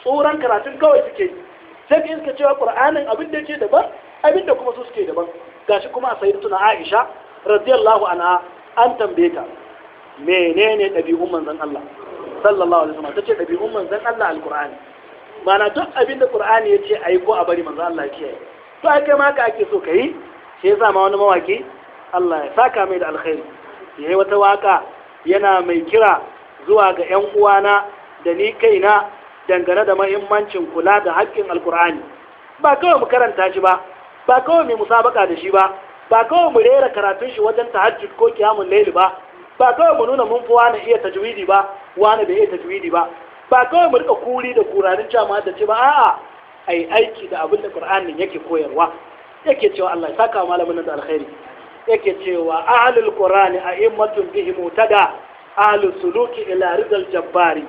tsoron karatun kawai suke sai ka iska cewa ƙur'anin abin da yake daban abin da kuma su suke daban gashi kuma a sayi na aisha radiyallahu anha an tambaye ta menene ɗabi'un manzon Allah sallallahu alaihi wasallam tace ɗabi'un manzon Allah alƙur'ani Mana duk abin da ƙur'ani ya ce ayi ko a bari manzon Allah ya kiyaye to maka kai ake so yi shi yasa ma wani mawaki Allah ya saka mai da alkhairi yi wata waka yana mai kira zuwa ga 'yan uwana da ni kaina dangane da mahimmancin kula da haƙƙin alkur'ani ba kawai mu karanta shi ba ba kawai mu musabaka da shi ba ba kawai mu rera karatun shi wajen tahajjud ko kiyamun laili ba ba kawai mu nuna mun fi wani iya tajwidi ba wani bai iya tajwidi ba ba kawai mu rika kuri da kurarin jama'a da ce ba a'a ai aiki da abin da Qur'ani yake koyarwa yake cewa Allah ya saka malamin da alkhairi yake cewa ahlul qur'ani a'immatun bihi mutada ahlus suluki ila ridal jabbari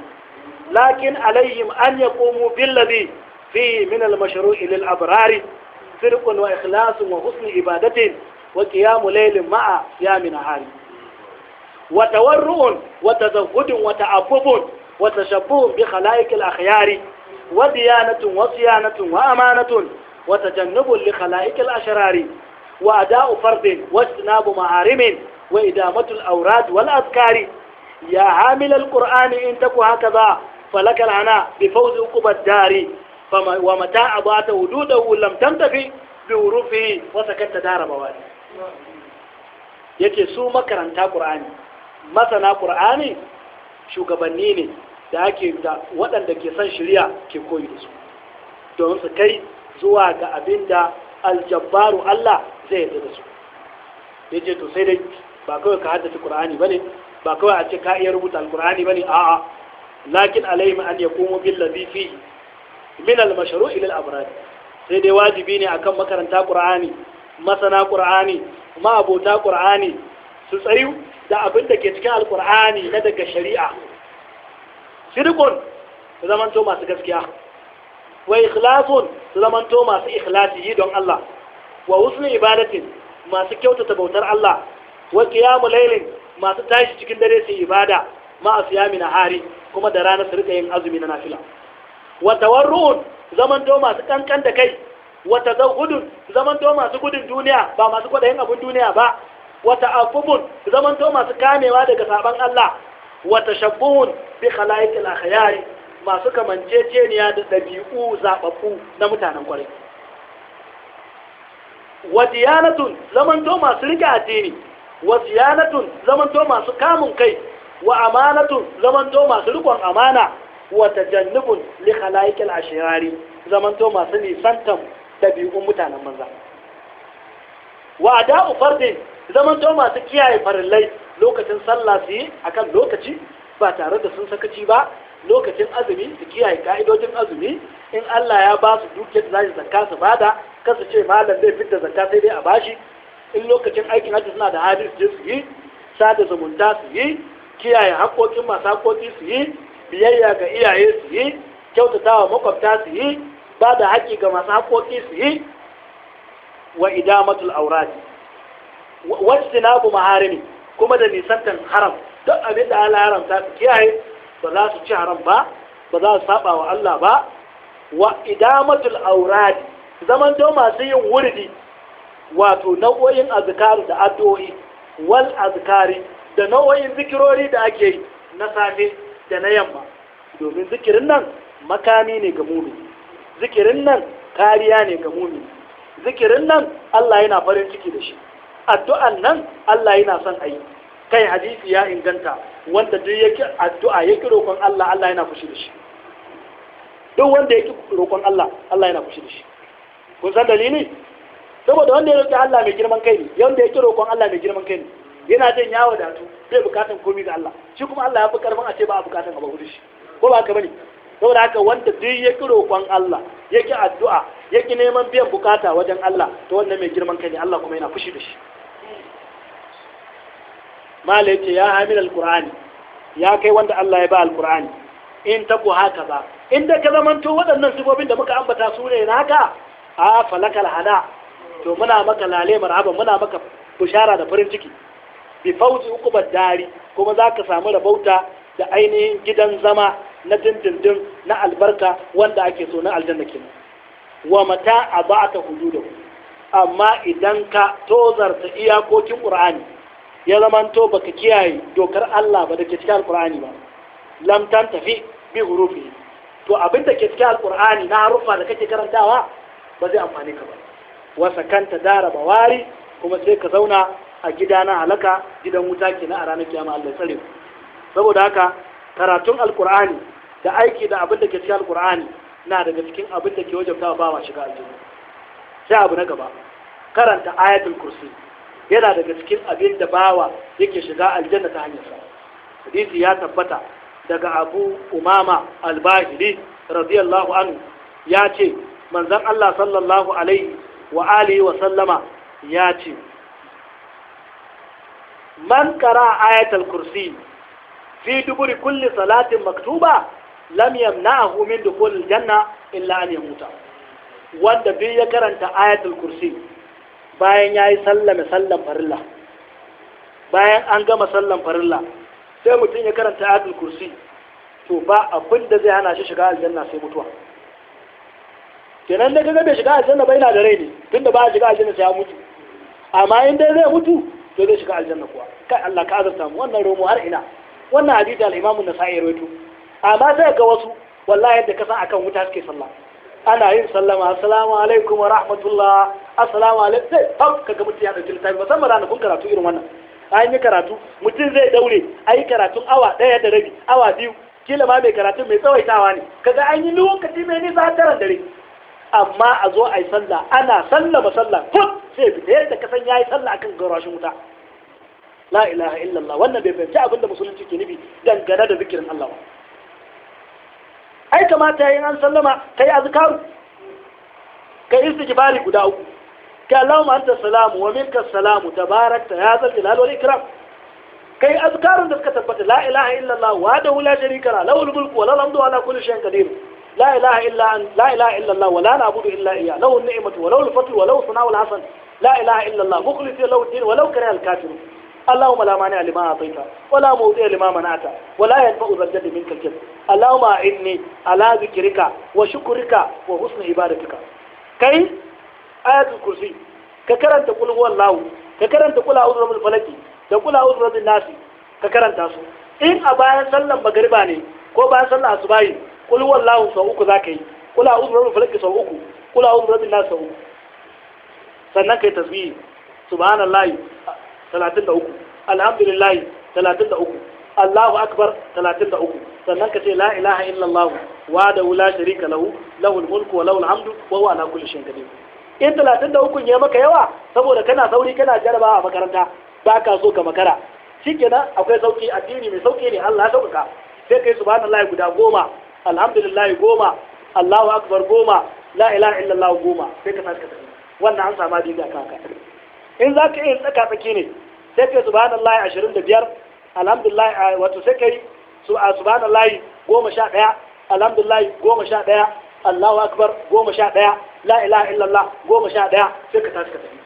lakin alaihim an yaqumu bil ladhi fihi min al-mashru'i lil abrari wa wa wa husni qiyamu laylin ma'a وحسن عبادة wa tawarrun wa صيام wa وتورع wa وتعبب bi khalaiqil akhyari وديانة وصيانة وأمانة وتجنب لخلائق الأشرار وأداء فرض واجتناب معارم وإدامة الأوراد والأذكار يا عامل القرآن إن تك هكذا فلك العناء بفوز عقب الدار ومتى أضعت وجوده لم تنتفي بوروفه وسكت دار موالي yake su makaranta ƙur'ani masana ƙur'ani shugabanni ne da ake da waɗanda ke son shirya ke koyi da su don su kai zuwa ga abin da aljabbaru Allah zai yarda da su ya ce to sai dai ba kawai ka haddace qur'ani bane ba kawai a ce ka iya rubuta alqur'ani bane a'a lakin alaihim an ya komo bin fi min al ila al sai dai wajibi ne akan makaranta Al-ƙur'ani masana qur'ani ma abota ƙurani su tsayu da abin da ke cikin alqur'ani na daga shari'a shirkun su zamanto masu gaskiya wa ikhlasun su zamanto masu ikhlasi yi don Allah wa husnul ibadatin masu kyautata bautar Allah wa qiyamul laylin masu tashi cikin dare su ibada ma asyami hari kuma da ranar su rika yin azumi na nafila wa zaman zamanto masu kankan da kai wa tazahudun zamanto masu gudun duniya ba masu yin abun duniya ba wa ta'affufun zamanto masu kamewa daga saban Allah wa tashabbuhun bi khalaikil akhyari masu kamanceceniya da dabi'u zababbu na mutanen kwarai wa diyanatun to masu rike addini wa diyanatun to masu kamun kai wa amanatun to masu rikon amana wa tajannubun li khalaikil ashirari to masu nisantan dabi'un mutanen manza wa ada'u fardin zamanto masu kiyaye farillai lokacin sallah su yi akan lokaci ba tare da sun sakaci ba lokacin azumi su kiyaye ka'idojin azumi in Allah ya ba su dukiyar da zai zakka su bada kasu ce malam zai fitar zakka sai dai a bashi in lokacin aikin hajji suna da hali su je su yi sada zumunta su yi kiyaye haƙoƙin masu haƙoƙi su yi biyayya ga iyaye su yi kyautatawa makwabta su yi ba da haƙƙi ga masu haƙoƙi su yi wa idamatul aurati wajtinabu maharimi kuma da nisantan haram duk abin da Allah haramta su kiyaye ba za su ci haram ba ba za su saba wa Allah ba wa idamatul auradi. zaman do masu yin wurdi wato nau'o'in azkar da addu'o'i wal azkari da nau'o'in zikirori da ake yi na safe da na yamma domin zikirin nan makami ne ga mumi zikirin nan kariya ne ga mumi zikirin nan Allah yana farin ciki da shi addu'an nan Allah yana son a yi kai hadisi ya inganta wanda duk yake addu'a yake roƙon Allah Allah yana fushi da shi duk wanda yake roƙon Allah Allah yana fushi da shi kun san dalili saboda wanda ya roƙi Allah mai girman kai ne yanda yake roƙon Allah mai girman kai ne yana jin da wadatu zai bukatan komai ga Allah shi kuma Allah ya fi karfin a ce ba a bukatan abu da shi ko ba ka bane saboda haka wanda duk yake roƙon Allah yake addu'a yake neman biyan bukata wajen Allah to wannan mai girman kai ne Allah kuma yana fushi da shi malai ce ya hamil alqur'ani ya kai wanda Allah ya ba alqur'ani in taku haka ba in da ka zamanto waɗannan sifofin da muka ambata su ne naka a falakal hada to muna maka lale marhaba muna maka bushara da farin ciki bi fauzi ukubar dari kuma za ka samu rabauta da ainihin gidan zama na dindindin na albarka wanda ake so na aljanna kenan wa mata a ba ta hududu amma idan ka tozarta iyakokin ƙur'ani. ya zamanto ka kiyaye dokar Allah ba da ke cikin alkur'ani ba lam tan tafi bi hurufi to abin da ke cikin alkur'ani na harufa da kake karantawa ba zai amfani ka ba wasa kanta dara bawari kuma sai ka zauna a gida na halaka gidan wuta ke na a ranar kiyama Allah tsare saboda haka karatun alkur'ani da aiki da abin da ke cikin alkur'ani na daga cikin abin da ke wajabta ba ma shiga aljanna sai abu na gaba karanta ayatul kursi yana daga cikin abin da bawa yake shiga aljanna ta hanyarsa, hadisi ya tabbata daga abu umama albahiri, radiyallahu anhu ya ce manzon Allah sallallahu alaihi wa alihi wa sallama ya ce man kara ayatul kursi fi duburi kulli salatin maktuba lam yamna'ahu min dukhul janna illa an yamuta wanda bi ya karanta ayatul kursi bayan ya yi sallame sallan farilla bayan an gama sallan farilla sai mutum ya karanta ayatul kursi to ba abin da zai hana shi shiga aljanna sai mutuwa kenan da kaga bai shiga aljanna ba na da rai ne tunda ba shiga aljanna sai ya mutu amma in dai zai mutu to zai shiga aljanna kuwa kai Allah ka azurta mu wannan romo har ina wannan hadisi al-Imam an-Nasa'i rawaito amma sai ga wasu wallahi yadda ka san akan wuta suke sallah ana yin sallama assalamu alaikum wa rahmatullah assalamu alaikum sai fam kaga mutum ya dauki littafi musamman ranakun karatu irin wannan an yi karatu mutum zai daure a yi karatun awa ɗaya da rabi awa biyu kila ma mai karatun mai tsawaitawa ne kaga an yi lokaci mai nisa taran dare amma a zo a yi sallah ana sallama sallah fut sai fita yadda kasan ya yi sallah akan garashin wuta la ilaha illallah wannan bai fahimci abin da musulunci ke nufi dangane da zikirin Allah ba ai kamata yayin an sallama kai azkaru kai istighfari guda uku قال اللهم أنت السلام ومنك السلام تبارك يا ذا الجلال والإكرام كي أذكار ذلك تبت لا إله إلا الله وحده لا شريك له له الملك ولا الحمد على كل شيء قدير لا إله إلا أن لا إله إلا الله ولا نعبد إلا إياه له النعمة وله الفضل وله الثناء والحسن لا إله إلا الله مخلص له الدين ولو كره الكافر اللهم لا مانع لما أعطيت ولا موضع لما منعت ولا ينفع ذا الجد منك الجد اللهم أعني على ذكرك وشكرك وحسن عبادتك كي آيات الكرسي ككرن تقول هو الله ككرن تقول أعوذ رب الفلك تقول أعوذ رب الناس ككرن تاسو إن أبا سلم بغرباني كو أبا سلم أصبعي قل هو الله سوءك ذاكي قل أعوذ رب الفلك سوءك قل أعوذ رب الناس سوءك سنك تسبيه سبحان الله ثلاثين دعوك الحمد لله ثلاثين دعوك الله أكبر ثلاثين دعوك سنك لا إله إلا الله وعده لا شريك له له الملك وله الحمد وهو على كل شيء قدير in talatin da hukun maka yawa saboda kana sauri kana jaraba a makaranta ba ka so ka makara shikenan akwai sauki addini mai sauki ne Allah ya sauƙaƙa sai kai subhanallahi guda goma alhamdulillah goma Allahu akbar goma la ilaha illallah goma sai ka sa ka tafi wannan an samu dinga kanka in za ka yi tsaka tsaki ne sai kai subhanallahi 25 alhamdulillah wato sai kai subhanallahi 11 alhamdulillah 11 Allahu akbar 11 la ilaha illallah goma sha ɗaya sai ka tashi ka tafi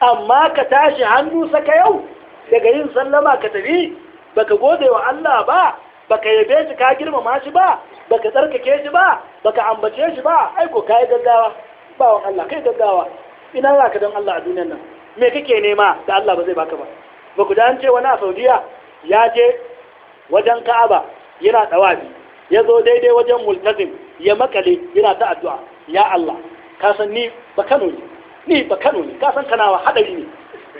amma ka tashi hannu saka yau daga yin sallama ka tafi baka gode wa Allah ba ka yabe shi ka girmama shi ba ka tsarkake shi ba ka ambace shi ba aiko yi gaggawa wa Allah kai gaggawa ina za ka don Allah a duniyan nan me kake nema da Allah ba zai baka ba ba ku dan ce wani a Saudiya ya je wajen Ka'aba yana dawabi ya zo daidai wajen multazim ya makale yana ta addu'a ya Allah Kasan ni ba Kano ne ni ba Kano ne ka san Kanawa hadari ne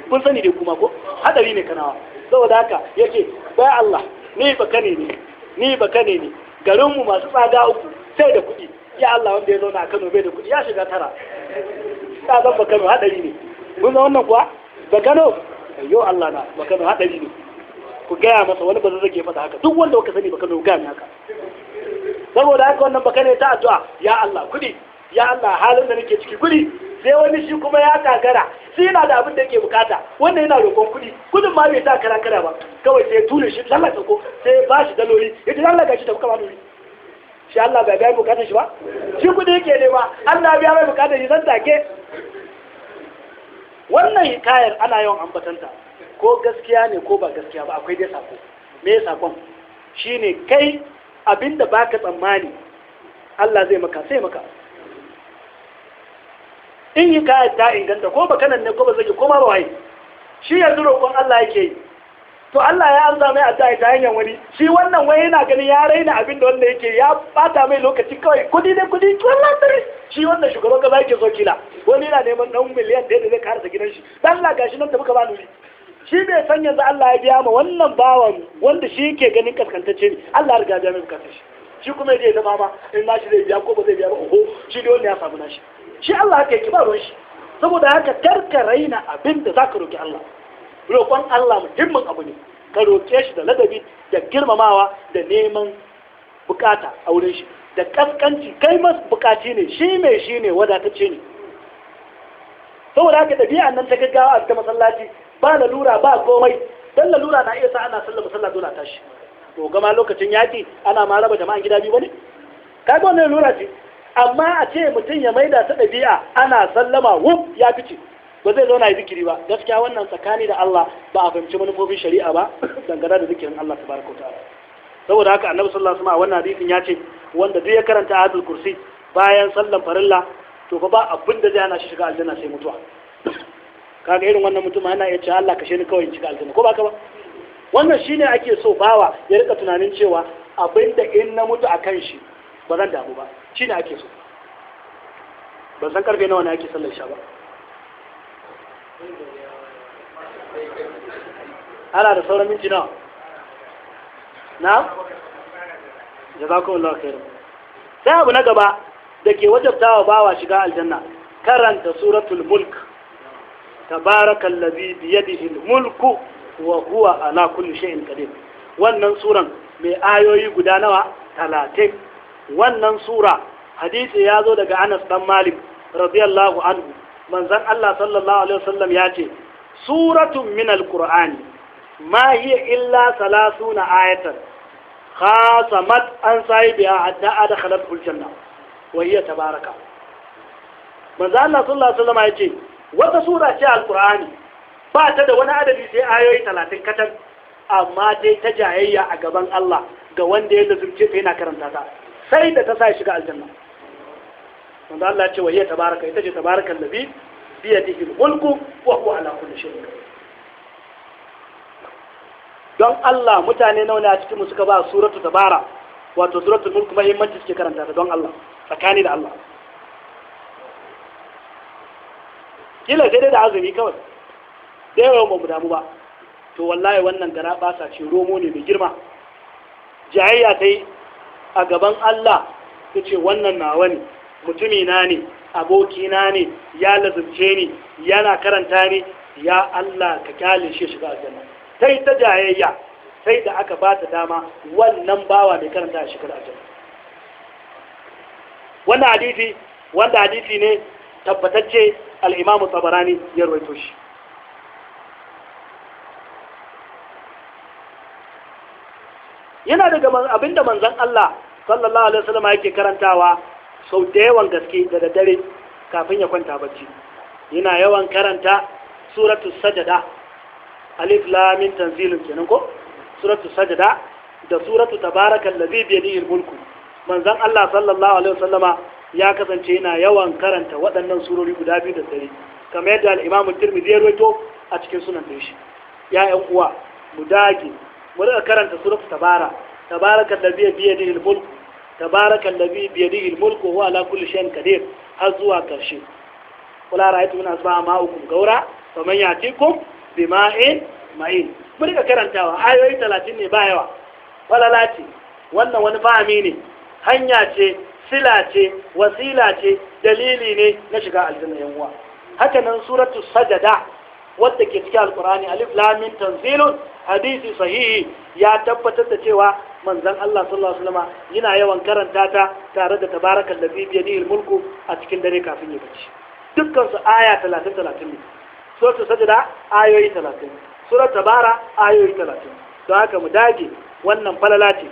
kun sani dai kuma ko hadari ne Kanawa saboda haka yace bai Allah ni ba Kane ne ni ba Kane ne garin mu masu tsada uku sai da kuɗi ya Allah wanda ya zauna a Kano bai da kuɗi ya shiga tara ka zan ba Kano hadari ne mun san wannan kuwa ba Kano yo Allah na ba Kano hadari ne ku gaya masa wani ba zai faɗa haka duk wanda kuka sani ba Kano gaya haka saboda haka wannan ba Kane ta addu'a ya Allah kuɗi ya Allah halin da nake ciki kudi sai wani shi kuma ya kagara sai yana da abin da yake bukata wannan yana roƙon kuɗi kudin ma bai ta kara kara ba kawai sai tuni shi lallaka ko sai ba shi dalori ya ji lallaka shi da kuka ba shi Allah bai bai bukatar shi ba shi kuɗi yake nema Allah bai bai bukatar shi zan take wannan hikayar ana yawan ambatanta ko gaskiya ne ko ba gaskiya ba akwai dai sako me ya sakon shine kai abinda baka tsammani Allah zai maka sai maka in yi kayan ta inganta ko bakanan ne ko ba zai ko ba wai shi yanzu roƙon Allah yake yi to Allah ya amza mai addu'a ta hanyar wani shi wannan wai yana ganin ya raina abin da wanda yake ya bata mai lokaci kawai kudi ne kudi wannan dare shi wannan shugaban kaza yake so kila wani yana neman dan miliyan da zai karasa gidan shi dan Allah gashi nan da muka ba nuri shi bai san yanzu Allah ya biya ma wannan bawan wanda shi yake ganin kaskantacce ne Allah ya riga ya biya mai kaskantacce shi kuma ya da zama ma in nashi shi zai biya ko ba zai biya ba oho shi dole ya samu nashi shi Allah haka yake ba ruwan shi saboda haka karka raina abin da ka roƙi Allah roƙon Allah muhimmin abu ne ka roƙe shi da ladabi da girmamawa da neman bukata a wurin shi da kaskanci kai mas bukaci ne shi mai shi ne wadatacce ne saboda haka ɗabi'an nan ta gaggawa a cikin masallaci ba lalura ba komai dan lalura na iya sa ana sallar masallah dole tashi to gama lokacin yaki ana ma raba jama'an gida biyu bane kaga wannan lalura ce amma a ce mutum ya maida ta ɗabi'a ana sallama wuf ya fice ba zai zauna yi zikiri ba gaskiya wannan tsakani da Allah ba a fahimci manufofin shari'a ba dangane da zikirin Allah Ta tabaraka ta'ala saboda haka annabi sallallahu alaihi wasallam wannan hadisin ya ce wanda duk ya karanta ayatul kursi bayan sallan farilla to fa ba abin da zai hana shi shiga aljanna sai mutuwa kaga irin wannan mutum ana iya ce Allah kashe ni kawai in shiga aljanna ko ba ka ba wannan shine ake so bawa ya rika tunanin cewa abinda in na mutu akan shi ba zan damu ba shi da ake so ban san karfe nawa ne ake sallar sha ba ana da sauran minti nawa na za jazakumullahu kai sai abu na gaba da ke wajabta wa bawa shiga aljanna karanta suratul mulk tabarakallazi biyadihi mulku wa huwa ala kulli shay'in qadir wannan suran mai ayoyi guda nawa 30 wannan sura hadisi ya zo daga Anas dan Malik radiyallahu anhu manzon Allah sallallahu alaihi wasallam ya ce suratun min alqur'ani ma hiya illa 30 ayatan khasamat an sahibiha hatta adkhalat aljanna wa hiya tabaraka manzon Allah sallallahu alaihi wasallam ya ce wata sura ce alqur'ani ba ta da wani adadi sai ayoyi 30 katan amma dai ta jayayya a gaban Allah ga wanda ya lazumce ta yana karanta ta sai da ta sa shiga aljanna wanda Allah ce wa ya tabaraka ita ce tabarakan nabi biya dihi mulku wa huwa ala kulli shay'in don Allah mutane nawa ne a cikin suka ba suratu tabara wato suratul mulk muhimmanci suke karanta da don Allah tsakani da Allah kila sai dai da azumi kawai dai yawa ba mu damu ba to wallahi wannan gara ba sa ce romo ne mai girma jayayya ta yi a gaban Allah su ce wannan nawa ne mutumina ne abokina ne ya lazumce ni yana karanta ni ya Allah ka kyale shi shiga aljanna sai ta jayayya sai da aka ba ta dama wannan bawa mai karanta shi shiga aljanna wannan hadisi wanda hadisi ne tabbatacce al-Imam Tabarani ya rawaito shi yana daga abinda Manzan Allah sallallahu alaihi wasallam yake karantawa sau da yawan gaske da daddare kafin ya kwanta bacci yana yawan karanta suratul sajada alif lam mim tanzilun kenan ko suratul sajada da suratu tabarakan ladhi bi yadihi mulku manzon Allah sallallahu alaihi wasallama ya kasance yana yawan karanta waɗannan surori guda biyu da dare kamar yadda al-Imam Tirmidhi ya a cikin sunan shi ya uwa mu dage mu rika karanta suratu tabara tabaraka allazi bi yadihi al-mulk tabaraka allazi bi yadihi al-mulk wa huwa ala kulli shay'in qadir har zuwa karshe kula ra'aytu min asba'a ma'ukum gaura man yatikum bima'in ma'in mu rika karantawa ayoyi 30 ne ba yawa wala lati wannan wani fahimi ne hanya ce sila ce wasila ce dalili ne na shiga aljanna yan uwa haka nan suratu sajada wadda ke cikin alkurani alif lamin tanzilun hadisi sahihi ya tabbatar da cewa manzon Allah sallallahu alaihi wasallam yana yawan karanta ta tare da tabarakal ladhi bi yadihi mulku a cikin dare kafin ya bacci dukkan su aya 30 ne suratul sajda ayoyi 30 suratul tabara ayoyi 30 to haka mu dage wannan falala ce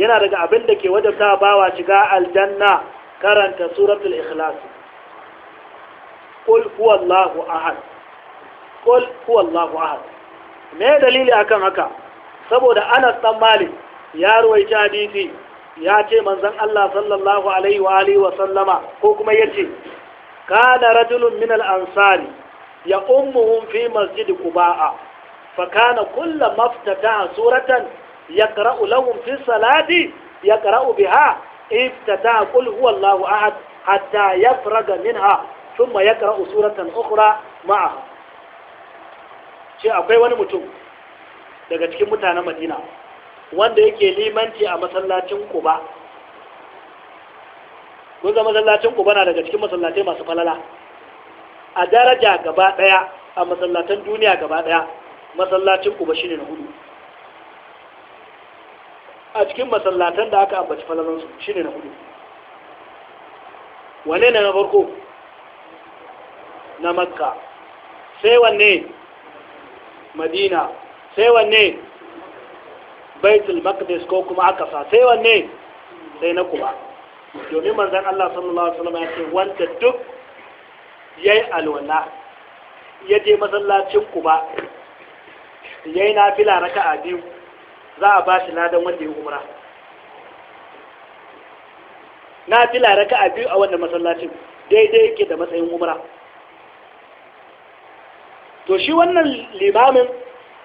yana daga abin da ke wajabta bawa shiga aljanna karanta suratul ikhlas qul huwallahu ahad qul huwallahu ahad me dalili akan haka saboda Anas dan Malik ya ruwaita hadisi ya ce manzon Allah sallallahu alaihi wa alihi wa sallama ko kuma yace kana rajulun min al-ansari ya ummuhum fi masjid quba'a fa kana kullu maftataha suratan yaqra'u lahum fi salati yaqra'u biha افتتح قل هو الله أحد حتى يفرغ منها ثم يقرأ سورة أخرى معها ce akwai wani mutum daga cikin mutanen madina wanda yake limanci a masallacin kuba kunza masallacin kuba na daga cikin masallatai masu falala a daraja gaba daya a masallatan duniya gaba daya masallacin kuba shine na hudu a cikin masallatan da aka ambaci falalansu shine na hudu wane ne na farko na makka sai wanne madina sai wanne baitul maqdis ko kuma sa sai wanne sai na kuma domin manzon Allah sallallahu alaihi wasallam ya ce wanda duk yayi alwala ya je masallacin kuba yayi nafila raka'a biyu za a bashi ladan wanda ya umra nafila raka'a biyu a wannan masallacin daidai yake da matsayin umra to shi wannan limamin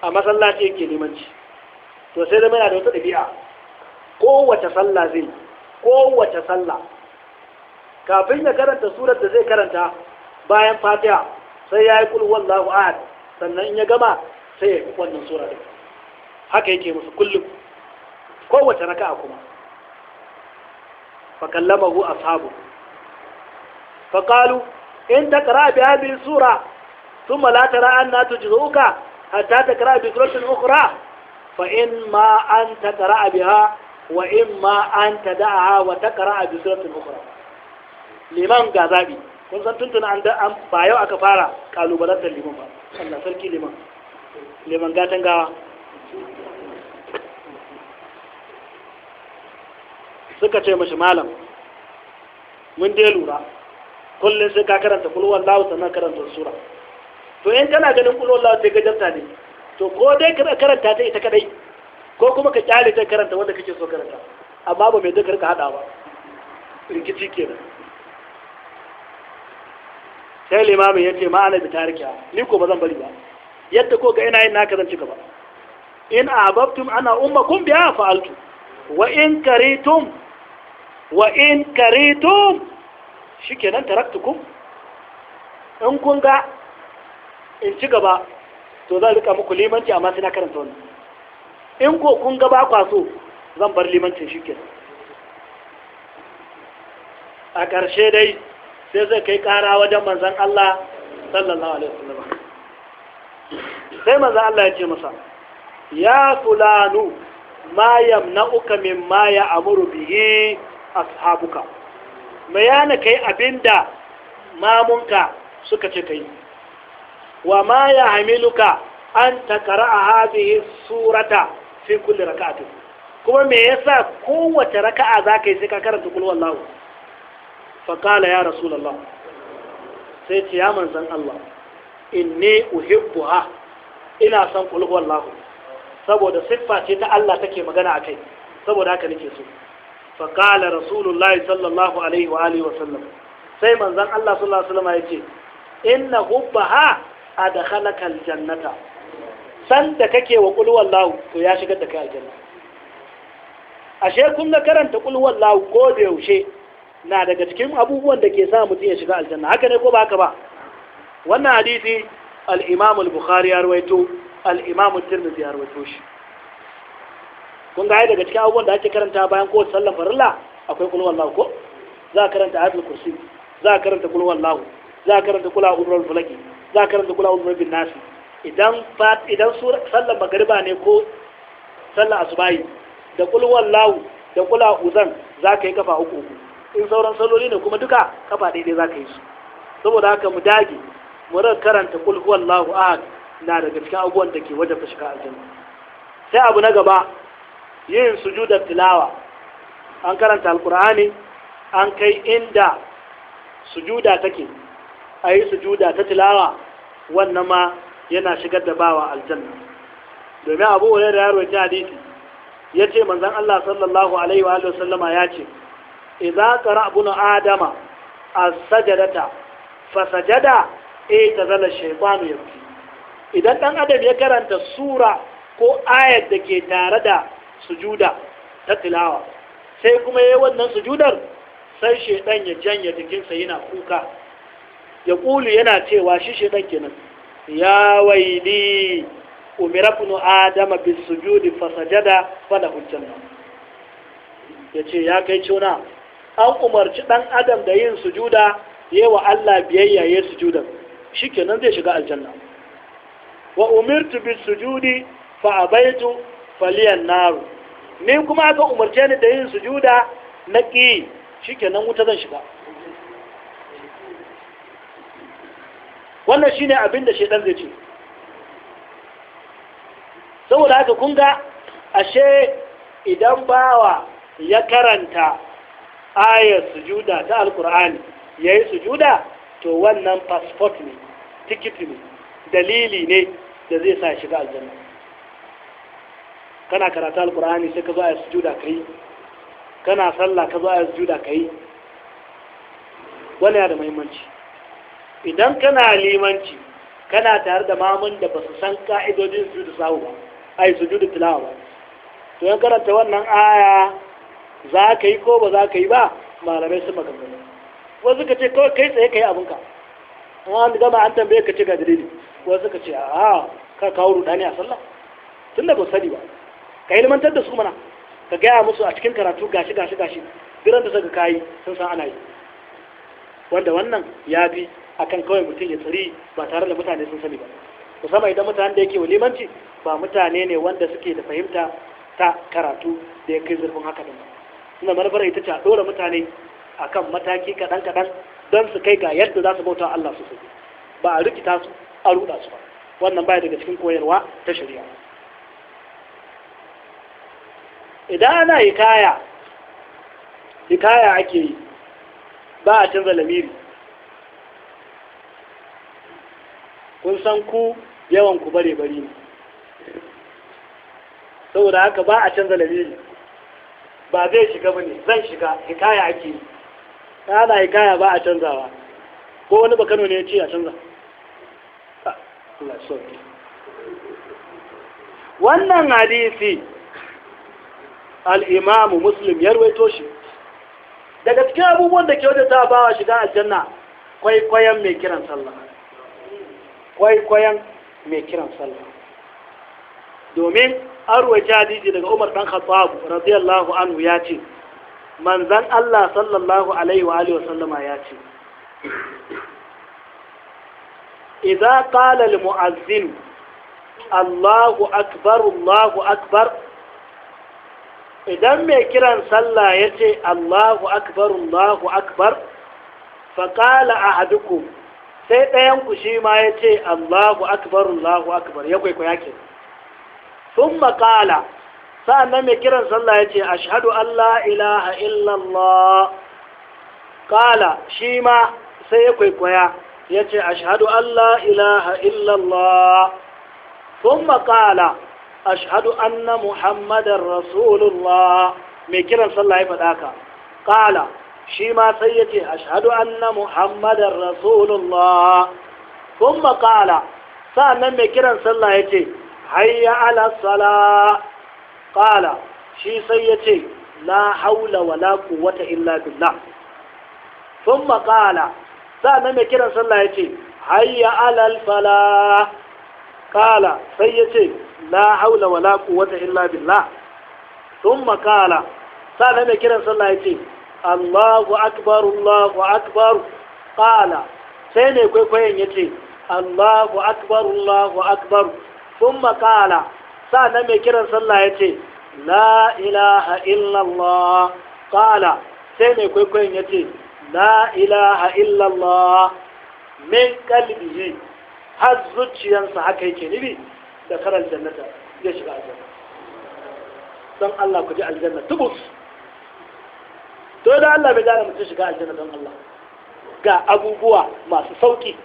a masallaci yake limanci to sai zama yana da wata ɗabi'a kowace sallah zai kowace sallah kafin ya karanta surar da zai karanta bayan fatiha sai ya yi kulwar lahu sannan in ya gama sai ya yi wannan surat haka yake musu kullum kowace a kuma a sabu. fakalu in taqra biya biyu sura ثم لا ترى أنها تجزئك حتى تقرأ بسورة أخرى فإما أن تقرأ بها وإما أن تدعها وتقرأ بسورة أخرى لمن ga kun san tuntuna an da an ba yau aka fara kalubalantar liman ba Allah sarki liman liman gatan gawa suka ce mashi malam mun dai lura kullum sai ka karanta kulwar lawu sannan karanta sura to in kana ganin kullu Allah sai gajarta ne to ko dai ka karanta ta ita kadai ko kuma ka kyale ta karanta wanda kake so karanta amma ba mai zakar ka hada ba rikici kenan sai limamin ya ce ma'ana bi tarikiya ni ko ba zan bari ba yadda ko ga ina yin naka zan cika ba in ababtum ana ummakum bi fa'altu wa in karitum wa in karitum shikenan taraktukum in kun ga in ci gaba to zan rika muku limanci amma sai na karanta wannan in ko kun gaba kwaso zan bar limancin shi a ƙarshe dai sai zai kai ƙara wajen manzan Allah sallallahu alaihi wasallam sai manzan Allah ya ce masa ya fulanu ma yamna'uka mimma ya amuru bihi ashabuka me yana kai abinda mamunka suka ce kai wa ma ya hamiluka an takara a hadhihi surata fi kulli rak'atin kuma me yasa kowace raka'a zaka yi sai ka karanta kul wallahu fa qala ya sai ce ya manzon Allah inni uhibbuha ina son kul saboda siffa ce ta Allah take magana akai saboda haka nake so fa qala rasulullahi sallallahu alaihi wa wa sallam sai manzon Allah ya ce hubbaha adkhalaka jannata san da kake wa qul wallahu to ya shigar da kai aljanna ashe kun na karanta qul wallahu ko da yaushe na daga cikin abubuwan da ke sa mutum ya shiga aljanna haka ne ko ba haka ba wannan hadisi al-imam al-bukhari ya rawaito al-imam tirmidhi ya rawaito shi kun ga daga cikin abubuwan da ake karanta bayan ko sallar farilla akwai qul wallahu ko za a karanta ayatul kursi za a karanta qul wallahu za a karanta qul a'udhu birabbil falaq za ka ranta kulawun mulkin nasu idan idan sallar magariba ne ko sallar asubahi da kulwan lawu da kula uzan za ka yi kafa uku in sauran salloli ne kuma duka kafa daidai za ka yi su saboda haka mu dage mu rika karanta kulwar lawu a na daga cikin abubuwan da ke wajen shiga aljanna sai abu na gaba yin sujudar tilawa an karanta alkur'ani an kai inda sujuda take a yi sujuda ta tilawa wannan ma yana shigar da bawa aljanna domin abu wurin da yaro ta hadisi ya ce manzan Allah sallallahu alaihi wa sallama ya ce idza qara ibn adama as-sajadata e eh zala shaytanu yabki idan dan adam ya karanta sura ko ayat da ke tare da sujuda ta tilawa sai kuma yayi wannan sujudar sai shaytan ya janye jikinsa yana kuka ya ƙulu yana cewa shi shi ɗan kenan ya waidi umira adama bin sujudi fasajada fada hujjan nan ya ce ya kai cuna an umarci ɗan adam da yin sujuda yi wa Allah biyayya ya sujudan shi kinan zai shiga aljanna wa umirtu bin sujudi fa abaitu faliyan naru ni kuma aka umarce ni da yin sujuda na ƙi shi kenan wuta zan shiga wannan shi ne abin da shaidan zai ce saboda haka kun ga ashe idan bawa ya karanta ayar sujuda ta alkur'ani ya yi sujuda to wannan fasfot ne tikit ne dalili ne da zai sa shiga aljanna kana karata alkur'ani sai ka zo a sujuda ka yi kana sallah ka zo a sujuda ka yi wani ya da muhimmanci idan kana limanci kana tare da mamun da ba su san ka'idojin su da sahu ba ai su da tilawa ba to yan karanta wannan aya za ka yi ko ba za ka yi ba malamai sun maganganu wasu ka ce kawai kai tsaye ka yi abinka wani an gama an tambaye ka ce ga dalili wasu ka ce a ka kawo rudani a sallah tun da ba sani ba ka ilmantar da su mana ka gaya musu a cikin karatu gashi gashi gashi biran da suka kayi sun san ana yi wanda wannan ya fi akan kawai mutum ya tsari ba tare da mutane sun sani ba musamman idan mutane da yake walimanci ba mutane ne wanda suke da fahimta ta karatu da ya kai zurfin haka din suna manufar ita ce a ɗora mutane kan mataki kaɗan kaɗan don su kai ga yadda za su bauta Allah su sani ba a rikita su a ruɗa su ba wannan baya daga cikin koyarwa ta shari'a idan ana hikaya hikaya ake yi ba a canza lamiri kun san ku yawan ku bare bari ne saboda haka ba a canza lamiri ba zai shiga ba ne zan shiga hikaya ake yi ta hada hikaya ba a canzawa ko wani Kano ne ya ce a canza wannan hadisi al'imamu muslim ya ruwaito shi daga cikin abubuwan da ke wajen ta bawa shiga aljanna kwaikwayon mai kiran sallah kwaikwayon mai kiran sallah domin arwa jadiji daga umar dan khattabu radiyallahu anhu ya ce manzan Allah sallallahu alaihi wa alihi wasallama ya ce idza qala al mu'azzin Allahu akbar Allahu akbar idan mai kiran sallah ya ce Allahu akbar Allahu akbar fa qala ahadukum sai ɗayan ku shi ma ya ce Allahu akbar Allahu akbar ya kwaikwaya ke sun makala sa'an nan mai kiran sallah ya ce ashadu Allah ilaha illallah kala shi ma sai ya kwaikwaya ya ce ashadu Allah ilaha illallah sun makala ashadu anna muhammadar rasulullah mai kiran sallah ya faɗa ka kala shi ma sai ya ce ashadu anna muhammadar rasulullah sun makala sa'annan mai kiran sallah ya ce hayya ala sala kala shi sai ya ce la haula wa la illa billah sun makala sa'annan mai kiran sallah ya ce hayya ala fala kala sai ya ce la haula wa la illa billah sun makala sa'annan mai kiran sallah ya ce Allahu akbar Allahu akbar qala sai ne kwaikwayon yace Allahu akbar Allahu akbar thumma qala sa na mai kiran sallah yace la ilaha illallah qala sai ne kwaikwayon yace la ilaha illallah min qalbihi har zuciyarsa haka yake nibi da karar jannata shiga aljanna don Allah ku ji aljanna tubus to da Allah bai gane mutum shiga aljanna don Allah ga abubuwa masu sauki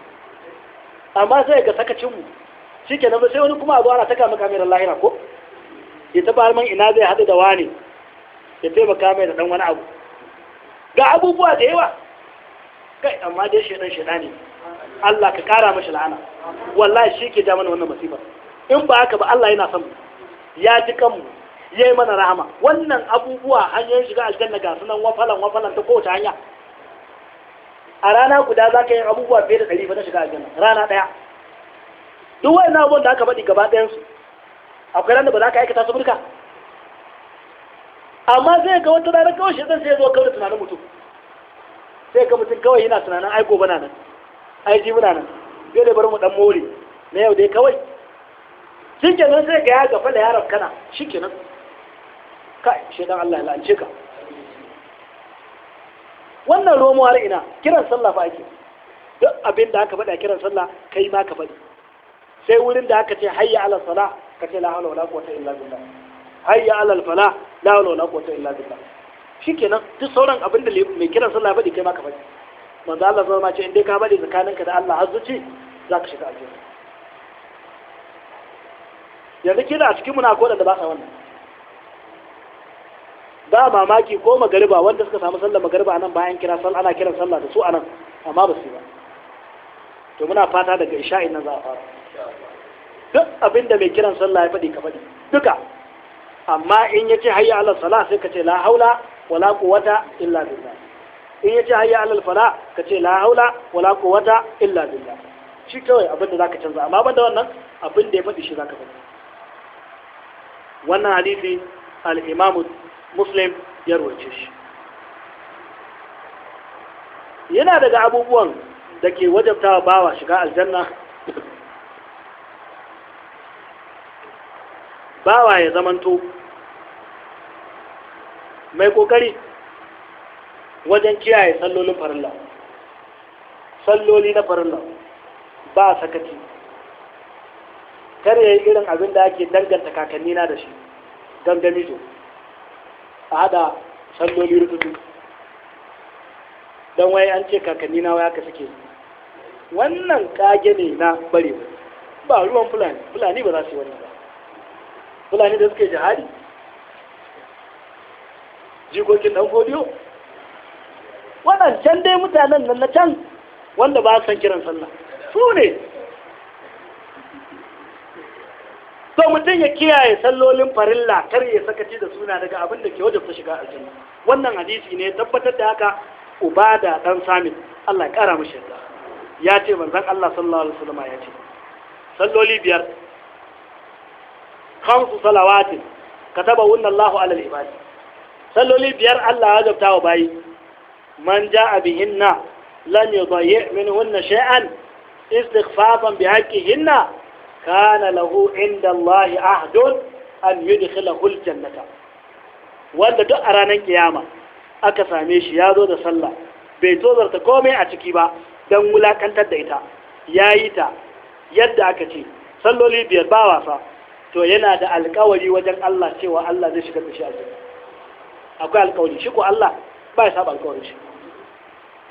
amma sai ga sakacinmu shi ke nan sai wani kuma abu ana taka maka mai lahira ko ya taba harman ina zai haɗu da wani ya taimaka mai da ɗan wani abu ga abubuwa da yawa kai amma dai shaidan shaidan ne Allah ka kara mashi la'ana wallahi shi ke ja mana wannan masifa in ba haka ba Allah yana son ya ji kanmu ya yi mana rahama wannan abubuwa hanyoyin shiga aljanna ga sunan wafalan wafalan ta kowace hanya a rana guda za ka yi abubuwa fiye da ɗari na shiga aljanna rana ɗaya duk wani abubuwan da aka faɗi gaba ɗayansu akwai ranar ba za ka aikata su burka amma zai ga wata ranar kawai shi ya zo kawai tunanin mutum sai ka mutum kawai yana tunanin ai gobe na nan ai ji muna nan zai da bari mu dan more na yau dai kawai shi kenan sai ga ya gafa da yaron kana shi kenan kai shaidan Allah ya lance ka wannan romo har ina kiran sallah fa ake duk abin da aka faɗa kiran sallah kai ma ka faɗi sai wurin da aka ce hayya ala sala ka ce la hawla wala quwwata illa billah hayya ala al fala la hawla wala quwwata illa billah shikenan duk sauran abin da mai kiran sallah faɗi kai ma ka faɗi manzo Allah zai ma ce in dai ka faɗi tsakaninka da Allah har zuci za ka shiga aljanna yanzu kina a cikin muna ko da ba sa wannan ba mamaki ko magariba wanda suka samu sallar magariba nan bayan kira sallah ana kiran sallah da su anan amma ba su ba to muna fata daga isha'in nan za a fara duk abin da mai kiran sallah ya faɗi ka faɗi duka amma in ya ce hayya alal sala sai ka ce la haula wala quwwata illa billah in ya ce hayya alal fala ka ce la haula wala quwwata illa billah shi kawai abin da zaka canza amma banda wannan abin da ya faɗi shi zaka faɗi wannan hadisi al-imamu muslim ya ruwace shi yana daga abubuwan da ke wajabta bawa shiga aljanna bawa ya zamanto mai kokari wajen kiyaye sallolin farilla salloli na farilla ba sakati kar ya yi irin abin da ake danganta kakannina da shi gangami a salloli rututu don wai an ce kakanni na waya ka suke wannan kage ne na bare ba ruwan fulani fulani ba za su yi wannan ba fulani da suke jihadi jikokin dan kodiyo waɗancan dai mutanen nan na can wanda ba san kiran sallah su ne so mutum ya kiyaye sallolin farilla kar ya sakaci da suna daga abin da ke wajabta shiga aljanna wannan hadisi ne tabbatar da haka Uba da dan samin Allah ya kara mu yarda ya ce manzon Allah sallallahu alaihi wasallam ya ce salloli biyar khamsu salawatin wannan Allahu ala al-ibad salloli biyar Allah ya wajabta wa bayi man ja'a bihinna lan yudayyi minhunna shay'an istighfafan bihaqqihinna kana lahu inda Allah ahdun an yudkhilahu aljannata wanda duk a ranar kiyama aka same shi ya zo da sallah bai tozarta komai a ciki ba don wulakantar da ita ya yi ta yadda aka ce salloli biyar ba wasa to yana da alkawari wajen Allah cewa Allah zai shiga tashi aljanna akwai alkawari shi ko Allah ba ya saba alkawarin shi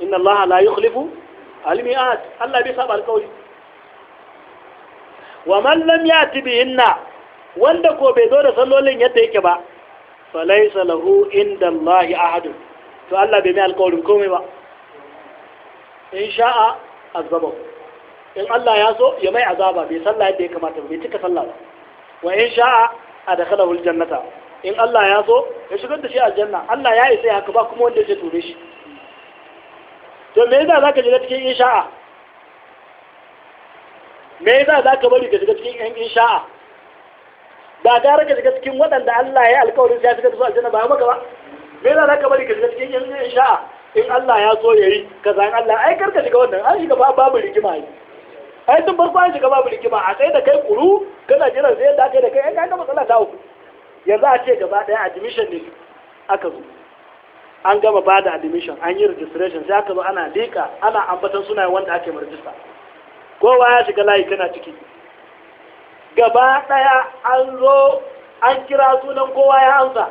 inna Allah la yukhlifu almi'at Allah bai saba alkawari wa man lam yati bihinna wanda ko bai zo da sallolin yadda yake ba falaysa lahu inda Allah ahadun to Allah bai mai alƙawarin komai ba in sha'a azaba in Allah ya so ya mai azaba bai sallah yadda ya kamata bai cika sallah ba wa in sha'a adkhalahu jannata. in Allah ya so ya shigar da shi aljanna Allah ya isa ya haka ba kuma wanda ya ture shi to me yasa zaka je cikin in sha'a. me yasa za ka bari ka shiga cikin yan in sha'a ba gara ka shiga cikin waɗanda Allah ya alƙawarin ya shiga da su aljanna ba maka ba me yasa za ka bari ka shiga cikin yan in sha'a in Allah ya so yayi ka in Allah ai karka ka shiga wannan an shiga ba babu rigima ne ai tun farko an shiga babu rigima a tsaye da kai kuru kana jiran sai da kai da kai ai ka ga matsala ta uku yanzu a ce gaba ɗaya admission ne aka zo an gama ba da admission an yi registration sai aka zo ana leka ana ambatan sunayen wanda ake marajista kowa ya shiga layi kana ciki gaba ɗaya an zo an kira sunan kowa ya hansa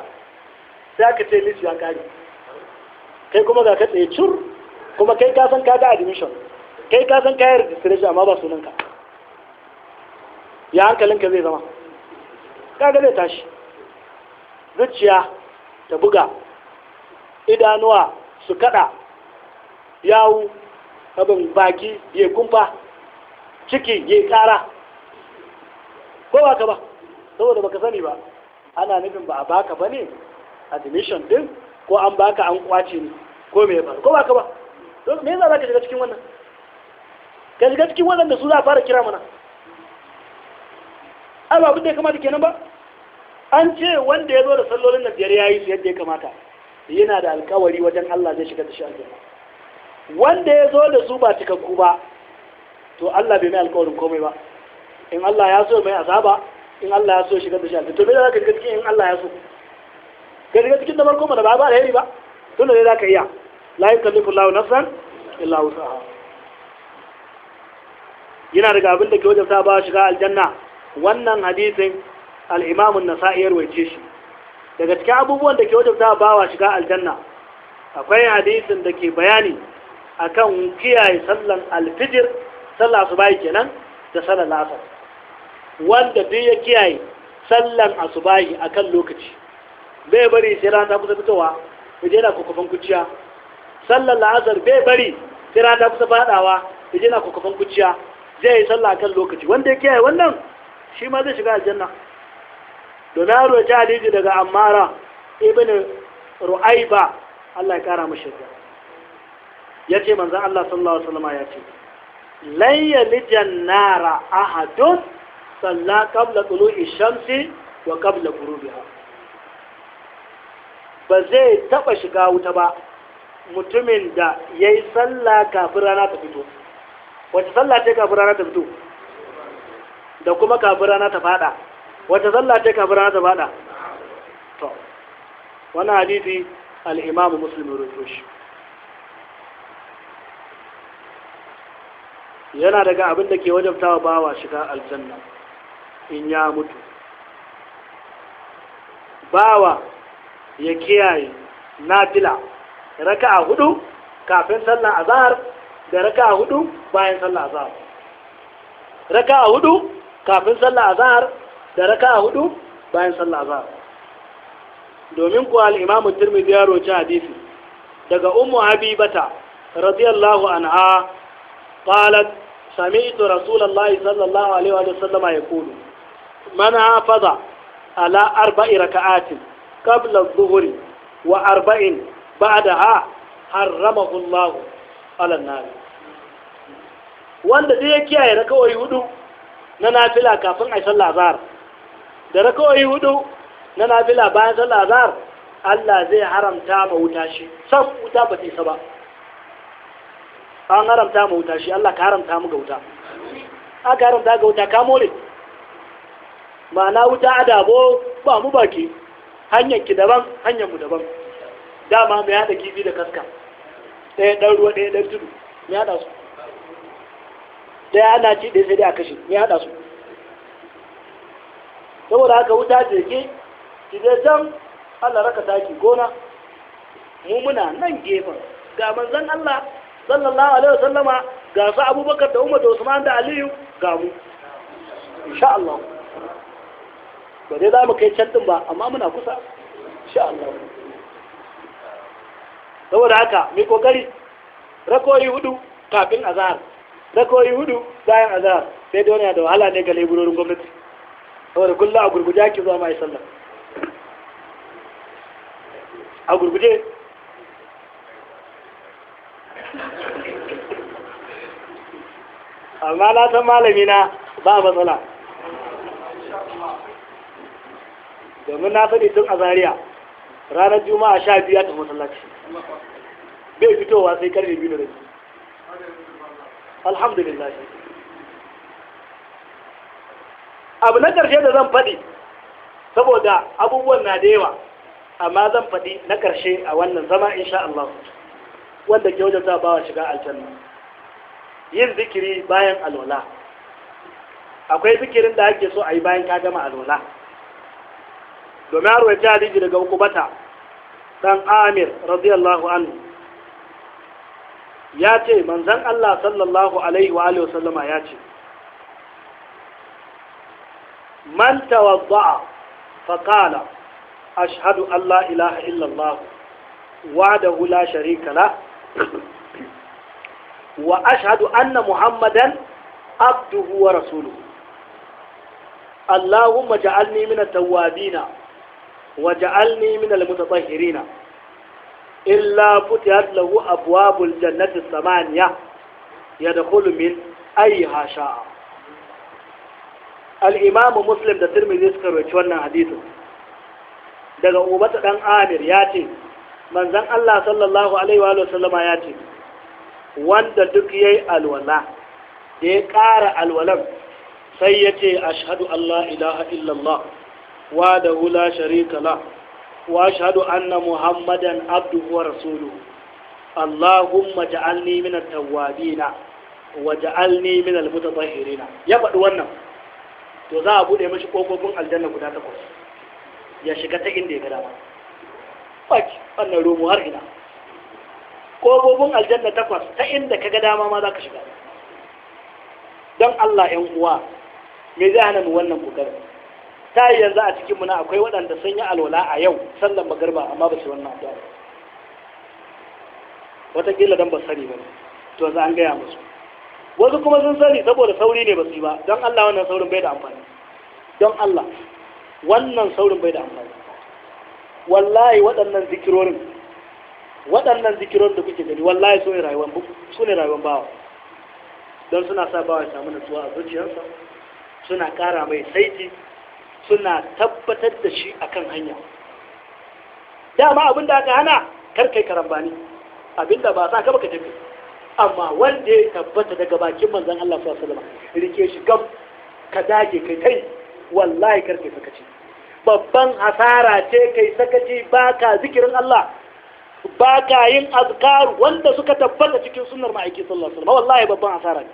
sai aka ce list ya kari kai kuma ga ka tsaye cur kuma kai ka san ka ga admission kai ka san yi registration amma ba sunanka ya hankalinka zai zama kaga zai tashi zuciya ta buga idanuwa su kada yawu abin baki ya kumfa ciki ya kara ko ba ka ba saboda baka sani ba ana nufin ba a baka ba ne admission din ko an baka an kwace ne ko me ba ko ba ka ba to me yasa zaka shiga cikin wannan ka shiga cikin wannan da su za fara kira mana a ba da ya kamata kenan ba an ce wanda ya zo da sallolin da biyar ya yi su yadda ya kamata yana da alkawari wajen Allah zai shiga da shi aljanna wanda ya zo da su ba cikakku ba to Allah bai mai alƙawarin komai ba in Allah ya so mai azaba in Allah ya so shigar da shi to me za ka cikin in Allah ya so ga shiga cikin da farko ba da ba alheri ba tunda ne za ka iya la yukallifu Allahu nafsan illa wusaha yana daga abin da ke wajen sa ba shiga aljanna wannan hadisin al-Imam an-Nasa'i ya rawaice shi daga cikin abubuwan da ke wajen sa ba wa shiga aljanna akwai hadisin da ke bayani akan kiyaye sallan alfijir sallah asubahi kenan da sallar asar wanda duk ya kiyaye sallan asubahi akan lokaci bai bari sai ran ta kusa fitowa yaje na kokofan kuciya sallar la'asar bai bari sai ran ta kusa fadawa yaje na kokofan kuciya zai yi sallah akan lokaci wanda ya kiyaye wannan shi ma zai shiga aljanna domin yaro ta aliji daga ammara ibn ru'aiba Allah ya kara mashi ya ce manzan Allah sallallahu alaihi wasallam ya ce lan yalijan nara ahadun Sallah, qabla tulu'i ishamsi wa qabla ghurubiha ba zai taba shiga wuta ba mutumin da ya yi sallah kafin rana ta fito wata sallah ce kafin rana ta fito da kuma kafin rana ta fada wata sallah ce kafin rana ta fada to wani hadisi al-Imam Muslim rawaito yana daga abin da ke wajabta wa bawa shiga aljanna in ya mutu bawa ya kiyaye nafila a hudu kafin sallar zahar da raka a hudu bayan sallar raka a hudu kafin sallar zahar da raka a hudu bayan sallar zahar. domin kuwa al’imamu imamu tirmidhi ya roci hadisi daga ummu habibata radiyallahu anha qalat سمعت رسول الله صلى الله عليه وسلم يقول من حافظ على أربع ركعات قبل الظهر وأربع بعدها حرمه الله على النار wanda zai kiyaye rakawai hudu na nafila kafin a sallah azhar da rakawai hudu na nafila bayan sallah azhar Allah zai haramta ma wuta shi san wuta ba ta isa ba an haramta mu wuta shi Allah ka haramta mu ga wuta aka haramta ga wuta ka more ma'ana wuta adabo ba mu baki hanyar ki daban hanyar mu daban dama mai hada kifi da kaska ɗaya ɗan ruwa ɗaya ɗan tudu mai hada su ɗaya ana ci ɗaya sai dai a kashe mai hada su saboda haka wuta ce ke ki je can Allah raka taki gona mu muna nan gefen ga manzon Allah sallallahu alaihi wasallama ga su abubakar da umar da usman da aliyu ga mu insha Allah ba dai za mu kai can ba amma muna kusa insha Allah saboda haka mai kokari rakoyi hudu kafin azhar rakoyi hudu bayan azhar sai da wani da wahala ne ga leburorin gwamnati saboda kullum a gurguje ake zuwa mai sallah a gurguje amma na san malami na ba matsala domin na sani tun a Zariya ranar juma'a sha biya ta matsalaci bai fitowa sai karni biyu da alhamdulillah abu na ƙarshe da zan faɗi saboda abubuwan na da yawa amma zan faɗi na ƙarshe a wannan zama insha Allah wanda ke wajen bawa shiga aljanna yin zikiri bayan alola akwai zikirin da ake so a yi bayan ka gama alwala domin har wajen hadiji daga bata ɗan amir radiyallahu anu ya ce manzan Allah sallallahu alaihi wa alihi wasallama ya ce man tawadda'a faqala ashhadu an la ilaha illallah wa'dahu la sharika la wa ashadu anna muhammadan abduhu wa rasuluhu allahumma ja'alni min at-tawwabina wa ja'alni min al-mutatahhirina illa futihat lahu abwabul jannati samaniya yadkhulu min ayha sha'a al-imam muslim da tirmidhi suka rawaito wannan hadisin daga ubata dan amir ya ce manzon Allah sallallahu alaihi wa sallama ya ce wanda duk ya yi alwala da ya ƙara alwalan sai ya ce a shahadu Allah ilaha illallah wa da hula sharikala, wa shahadu anna muhammadan abduhu wa rasuluhu Allahumma ja'alni min at-tawwabina wa ja'alni min al-mutatahhirina ya faɗi wannan to za a bude mashi kofofin aljanna guda takwas ya shiga ta inda ya ga dama baki wannan romo har ina ƙofofin aljanna takwas ta inda ka ga dama ma za ka shiga don Allah ‘yan uwa me zai hana mu wannan kokarin ta yanzu a cikin muna akwai waɗanda sun yi alwala a yau sallan magarba amma ba su wannan addu'a wataƙila don ba sani ba to za an gaya musu wasu kuma sun sani saboda sauri ne ba su yi ba don Allah wannan saurin bai da amfani don Allah wannan saurin bai da amfani wallahi waɗannan zikirorin waɗannan zikiron da kuke gani wallahi so ne rayuwar su ne rayuwar bawa don suna sa bawa ya samu natsuwa a zuciyarsa suna ƙara mai saiti suna tabbatar da shi akan hanya dama abin da aka hana kar kai karambani abin da ba sa ka tafi amma wanda ya tabbata daga bakin manzan Allah su wasu rike shi gam ka dage kai kai wallahi kar sakaci babban hasara ce kai sakaci baka zikirin Allah ba ka yin azkar wanda suka tabbata cikin sunnar ma'aiki sallallahu alaihi wasallam wallahi babban asara ne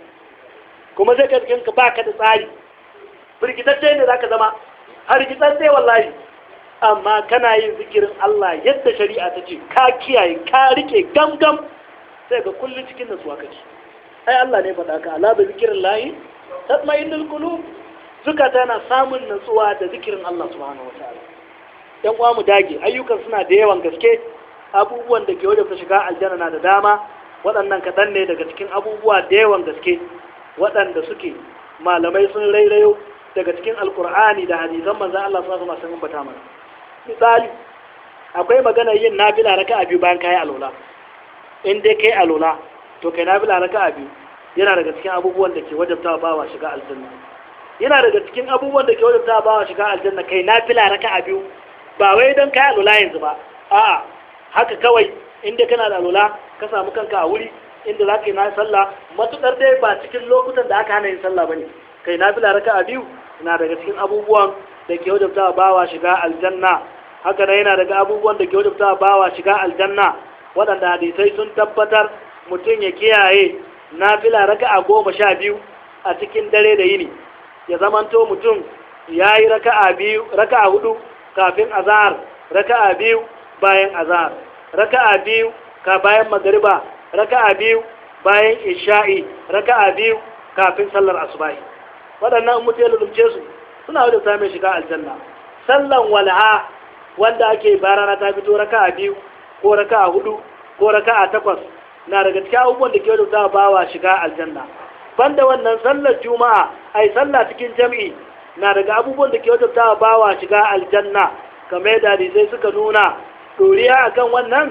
kuma zai cikin ka baka da tsari firgitacce ne zaka zama har gitsatse wallahi amma kana yin zikirin Allah yadda shari'a ta ce ka kiyaye ka rike gangam sai ga kullun cikin nasuwa kake ai Allah ne faɗa ka ala bi zikirin lahi tatma'innul qulub zukata tana samun natsuwa da zikirin Allah subhanahu wataala yan uwa mu dage ayyukan suna da yawan gaske abubuwan da ke wajabta shiga aljanna na da dama waɗannan kaɗan ne daga cikin abubuwa da yawan gaske waɗanda suke malamai sun rairayo daga cikin alkur'ani da hadisan Manza Allah sun zama sun bata mana misali akwai magana yin nafila raka a biyu bayan kayi alola in dai kai alola to kai nafila raka a biyu yana daga cikin abubuwan da ke wajabta bawa shiga aljanna yana daga cikin abubuwan da ke wajabta bawa shiga aljanna kai nafila raka a biyu ba wai don kayi alola yanzu ba a'a haka kawai inda kana da alwala ka samu kanka a wuri inda za ka yi na sallah matuƙar dai ba cikin lokutan da aka hana yin sallah ba ne kai na fila raka a biyu na daga cikin abubuwan da ke ba wa shiga aljanna haka nan yana daga abubuwan da ke wajabta bawa shiga aljanna waɗanda hadisai sun tabbatar mutum ya kiyaye na fila raka a goma sha biyu a cikin dare da yini ya zamanto mutum ya yi raka a biyu raka a hudu kafin azahar raka a biyu bayan azhar raka'a biyu ka bayan magariba raka'a biyu bayan isha'i raka'a biyu kafin sallar asubahi waɗannan mutu ya lulumce su suna wadda samun shiga aljanna sallan walha wanda ake barana ta fito raka'a biyu ko raka'a hudu ko raka'a takwas na daga cikin abubuwan da ke wadda bawa shiga aljanna banda wannan sallar juma'a ai sallah cikin jam'i na daga abubuwan da ke wadda bawa shiga aljanna kamar yadda zai suka nuna doriya akan wannan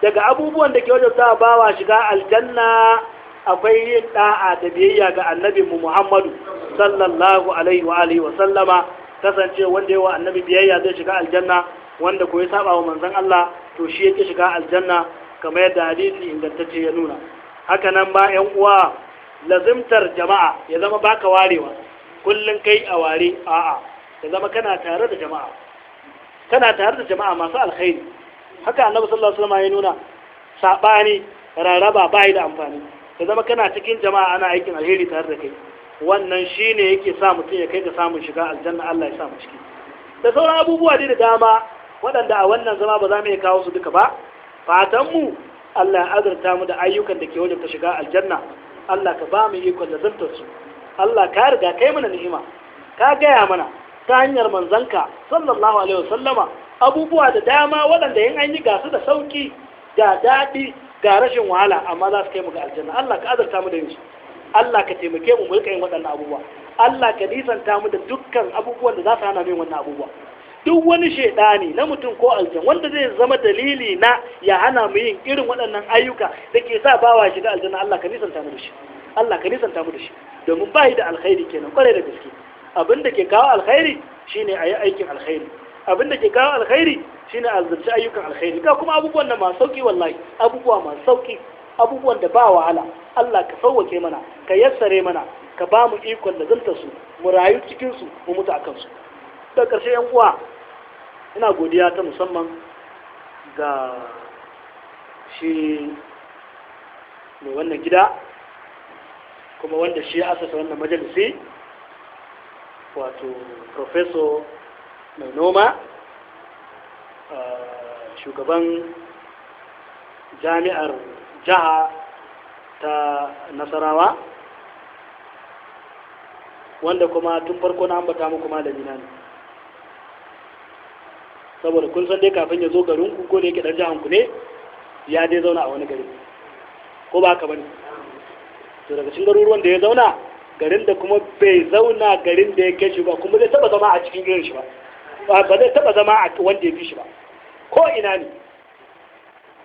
daga abubuwan da ke wajen ba bawa shiga aljanna akwai yin da'a da biyayya ga annabi mu Muhammadu sallallahu alaihi wa alihi wa sallama kasance wanda yawa annabi biyayya zai shiga aljanna wanda ko ya saba wa manzon Allah to shi yake shiga aljanna kamar yadda hadisi ingantacce ya nuna haka nan ba ƴan uwa lazimtar jama'a ya zama baka warewa kullun kai a ware a'a ya zama kana tare da jama'a kana tare da jama'a masu alkhairi haka annabi sallallahu alaihi wasallam ya nuna sabani raraba bai da amfani ka zama kana cikin jama'a ana aikin alheri tare da kai wannan shine yake sa mutum ya kai ga samun shiga aljanna Allah ya sa mu ciki da sauran abubuwa da dama waɗanda a wannan zama ba za mu iya kawo su duka ba fatan mu Allah ya azurta mu da ayyukan da ke wajen ta shiga aljanna Allah ka ba mu ikon da zantar su Allah ka riga kai mana ni'ima ka gaya mana ta hanyar manzanka sallallahu alaihi wasallama abubuwa da dama waɗanda yin an yi gasu da sauƙi ga daɗi ga rashin wahala amma za su kai mu ga aljanna Allah ka azarta mu da yin shi Allah ka taimake mu mulkayin waɗannan abubuwa Allah ka nisanta mu da dukkan abubuwan da za su hana mu yin wannan abubuwa duk wani shaidani na mutum ko aljan wanda zai zama dalili na ya hana mu yin irin waɗannan ayyuka da ke sa bawa shiga aljanna Allah ka nisanta mu da shi Allah ka nisanta mu da shi domin ba da alkhairi kenan kware da gaske abinda ke kawo alkhairi shine a yi aikin alkhairi abin da ke kawo alkhairi shine azurci ayyukan alkhairi ga kuma abubuwan da masu sauki wallahi abubuwa masu sauki abubuwan da ba wahala Allah ka sauwake mana ka yassare mana ka ba mu ikon da zanta su mu rayu cikin su mu mutu akan su da ƙarshe yan uwa ina godiya ta musamman ga shi mai wannan gida kuma wanda shi ya asasa wannan majalisi wato professor mai noma shugaban jami'ar jiha ta nasarawa wanda kuma tun farko na ambata muku malami na ne saboda kun san dai kafin ya zo garin ku ko da yake dan jihar ku ne ya dai zauna a wani gari ko ba ka bane to daga cikin garuruwan da ya zauna garin da kuma bai zauna garin da ya kai shi ba kuma zai taba zama a cikin garin shi ba ba zai taba zama a wanda ya fi shi ba ko ina ne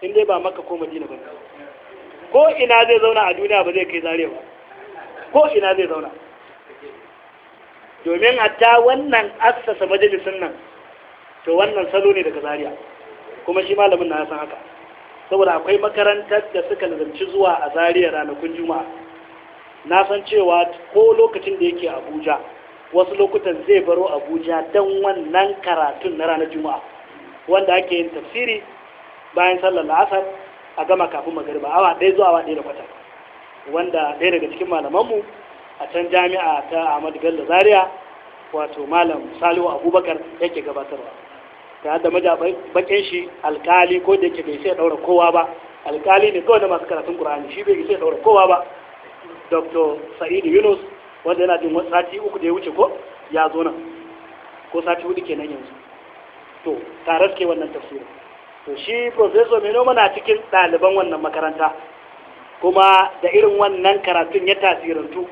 in dai ba maka ko madina ba ko ina zai zauna a duniya ba zai kai zare ba ko ina zai zauna domin hatta wannan assasa majalisun nan to wannan salo ne daga zariya kuma shi malamin na ya san haka saboda akwai makarantar da suka nazarci zuwa a zariya ranakun juma'a na san cewa ko lokacin da yake abuja wasu lokutan zai baro abuja don wannan karatun na ranar juma'a wanda ake yin tafsiri bayan sallar la'asar a gama kafin magariba awa ɗaya zuwa awa ɗaya da kwata wanda ɗaya daga cikin malamanmu a can jami'a ta ahmad bello zaria wato malam salihu abubakar yake gabatarwa ta da maja bakin shi alkali ko da yake bai sai daura kowa ba alkali ne kawai da masu karatun ƙur'ani shi bai sai ɗaura kowa ba dr sa'idu yunus wanda yana jin sati uku da ya wuce ko ya zo nan ko sati hudu nan yanzu to tare suke wannan tafsirin to shi professor mai noma na cikin ɗaliban wannan makaranta kuma da irin wannan karatun ya tasirantu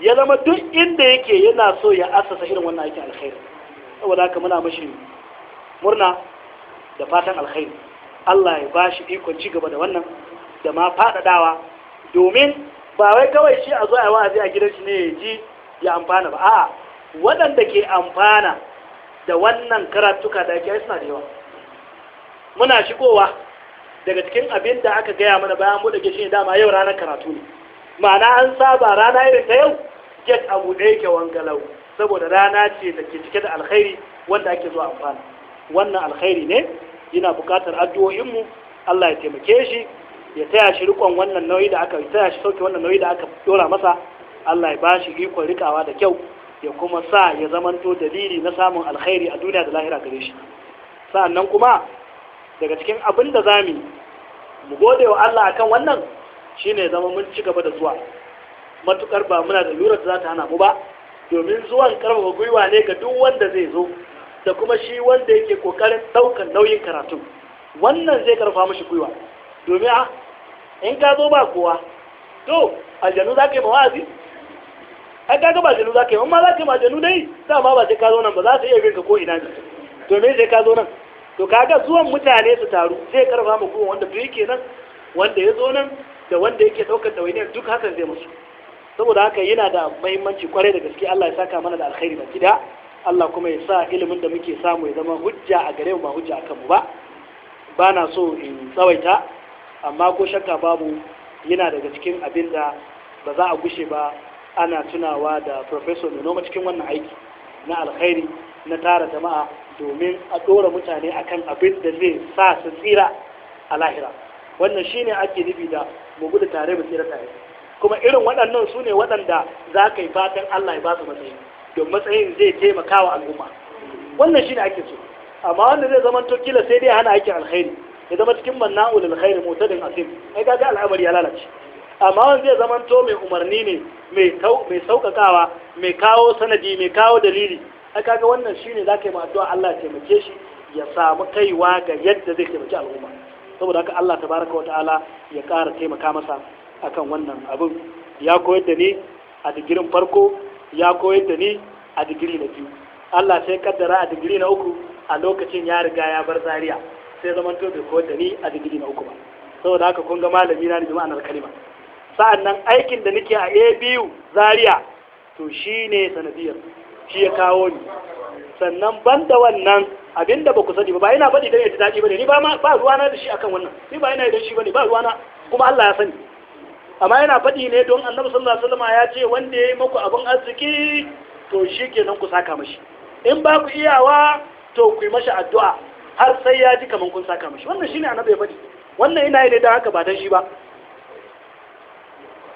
ya zama duk inda yake yana so ya asasa irin wannan aikin alkhairi saboda haka muna mashi murna da fatan alkhairi Allah ya ba shi ikon ci gaba da wannan da ma faɗaɗawa domin ba wai kawai shi a zo a wa'azi a gidan shi ne ya ji ya amfana ba a waɗanda ke amfana da wannan karatuka da ake suna da yawa muna shigowa daga cikin abin da aka gaya mana bayan buɗe ke shi dama yau ranar karatu ne ma'ana an saba rana irin ta yau get a buɗe yake wangalau saboda rana ce da ke cike da alkhairi wanda ake zuwa amfana wannan alkhairi ne yana buƙatar addu'o'inmu Allah ya taimake shi ya taya shi rikon wannan nauyi da aka taya shi sauke wannan nauyi da aka dora masa Allah ya ba shi ikon rikawa da kyau ya kuma sa ya zamanto dalili na samun alkhairi a duniya da lahira gare shi sa'annan kuma daga cikin abin da za mu gode wa Allah akan wannan shine zama mun ci gaba da zuwa matukar ba muna da lura da za ta hana mu ba domin zuwan karfafa gwiwa ne ga duk wanda zai zo da kuma shi wanda yake kokarin daukan nauyin karatu wannan zai karfa mishi gwiwa domin a in ka zo ba kowa to aljanu za ka yi mawazi ai ka ga ba aljanu za ka yi amma za ka yi ma aljanu dai za ma ba sai ka zo nan ba za su iya bin ka ko ina ne domin sai ka zo nan to kaga zuwan mutane su taru zai karfa mu kowa wanda duk yake nan wanda ya zo nan da wanda yake daukar dawainiyar duk haka zai musu saboda haka yana da mahimmanci kwarai da gaske Allah ya saka mana da alkhairi baki da Allah kuma ya sa ilimin da muke samu ya zama hujja a gare mu ba hujja akan mu ba ba na so in tsawaita amma ko shakka babu yana daga cikin abin da ba za a gushe ba ana tunawa da professor noma cikin wannan aiki na alkhairi na tara jama'a domin a ɗora mutane akan abin da zai sa su tsira a lahira wannan shine ake nufi da mu gudu tare mu tsira tare kuma irin waɗannan su ne waɗanda za ka yi fatan Allah ya ba su matsayi don matsayin zai taimaka wa al'umma wannan shine ake so amma wanda zai zama to kila sai dai hana aikin alkhairi ya zama cikin manna'ul alkhair mutadin asim ai kaga al'amari ya lalace amma wanda zai zama to mai umarni ne mai tau mai saukakawa mai kawo sanadi mai kawo dalili ai kaga wannan shine zaka yi addu'a Allah ya taimake shi ya samu kaiwa ga yadda zai taimaki al'umma saboda haka Allah tabaraka wa ta'ala ya ƙara taimaka masa akan wannan abun. ya koyar da ni a digirin farko ya koyar da ni a digiri na biyu Allah sai kaddara a digiri na uku a lokacin ya riga ya bar Zariya. sai zaman to bai koyar da ni a digiri na uku ba saboda haka kun ga malami na da ma'anar kalima sa'an nan aikin da nake a abu zaria to shi ne sanadiyar shi ya kawo ni sannan ban da wannan abinda ba ku sani ba ina faɗi don ya ji daɗi ba ne ni ba ruwana da shi akan wannan ni ba ina da shi ba ne ba ruwana kuma Allah ya sani amma yana faɗi ne don annabi sallallahu alaihi wasallam ya ce wanda ya yi maku abin arziki to shi kenan ku saka mashi in ba ku iyawa to ku yi mashi addu'a har sai ya ji kaman kun saka mashi wannan shine annabi ya faɗi wannan ina yi da haka ba dan shi ba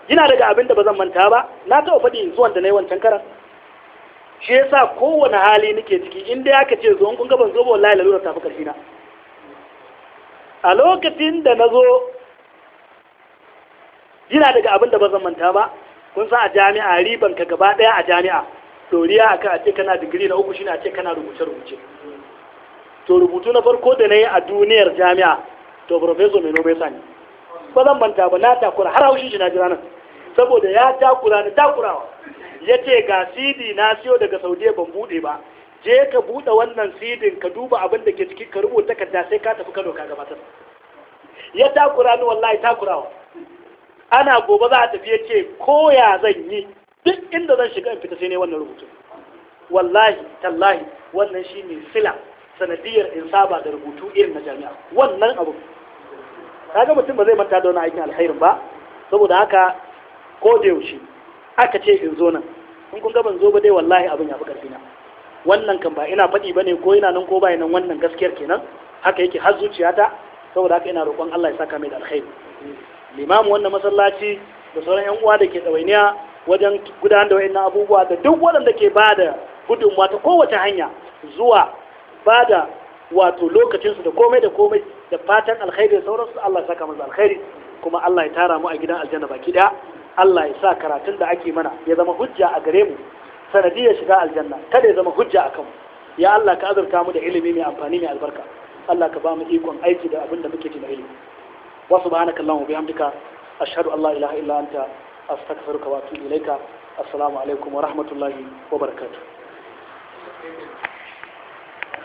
yana daga abin da ba zan manta ba na taɓa faɗi zuwan da na yi wancan karan shi yasa kowane hali nake ciki Inda ya ka ce zo kun gaban zo ba wallahi lalura tafi fi ƙarfi na a lokacin da na zo yana daga abin da ba zan manta ba kun san a jami'a riban ka gaba ɗaya a jami'a doriya akan a ce kana digiri na uku shine a ce kana rubuce rubuce to rubutu na farko da na yi a duniyar jami'a to professor mai nome sani ba zan manta ba na takura har haushin shi na jira nan saboda ya takura ni takurawa ya ce ga cd na siyo daga saudiya ban bude ba je ka bude wannan cd ka duba abin da ke cikin ka rubuta takarda sai ka tafi kano ka gabatar ya takura ni wallahi takurawa ana gobe za a tafi ya ce ko ya zan yi duk inda zan shiga in fita sai ne wannan rubutu wallahi tallahi wannan shi ne sila sanadiyar in saba da rubutu irin na jami'a wannan abu kaga mutum ba zai manta da wani aikin alkhairin ba saboda haka ko da yaushe aka ce in zo nan in kun ga zo ba dai wallahi abin ya fi karfi na wannan kan ba ina faɗi ba ne ko ina nan ko ba nan wannan gaskiyar kenan haka yake har zuciyata saboda haka ina roƙon Allah ya saka mai da alkhairi limamu wannan masallaci da sauran yan uwa da ke tsawainiya wajen gudanar da wayannan abubuwa da duk waɗanda ke ba da gudunmuwa ta kowace hanya zuwa ba da wato lokacinsu da komai da komai da fatan alkhairi da sauransu Allah ya saka masa alkhairi kuma Allah ya tara mu a gidan aljanna baki daya Allah ya sa karatun da ake mana ya zama hujja a gare mu sanadiyar shiga aljanna kada ya zama hujja a kanmu ya Allah ka azurta mu da ilimi mai amfani mai albarka Allah ka ba mu ikon aiki da abin da muke ji na ilimi wa subhanaka allahumma bihamdika ashhadu an la ilaha illa anta astaghfiruka wa atubu ilaika assalamu alaikum wa rahmatullahi wa barakatuh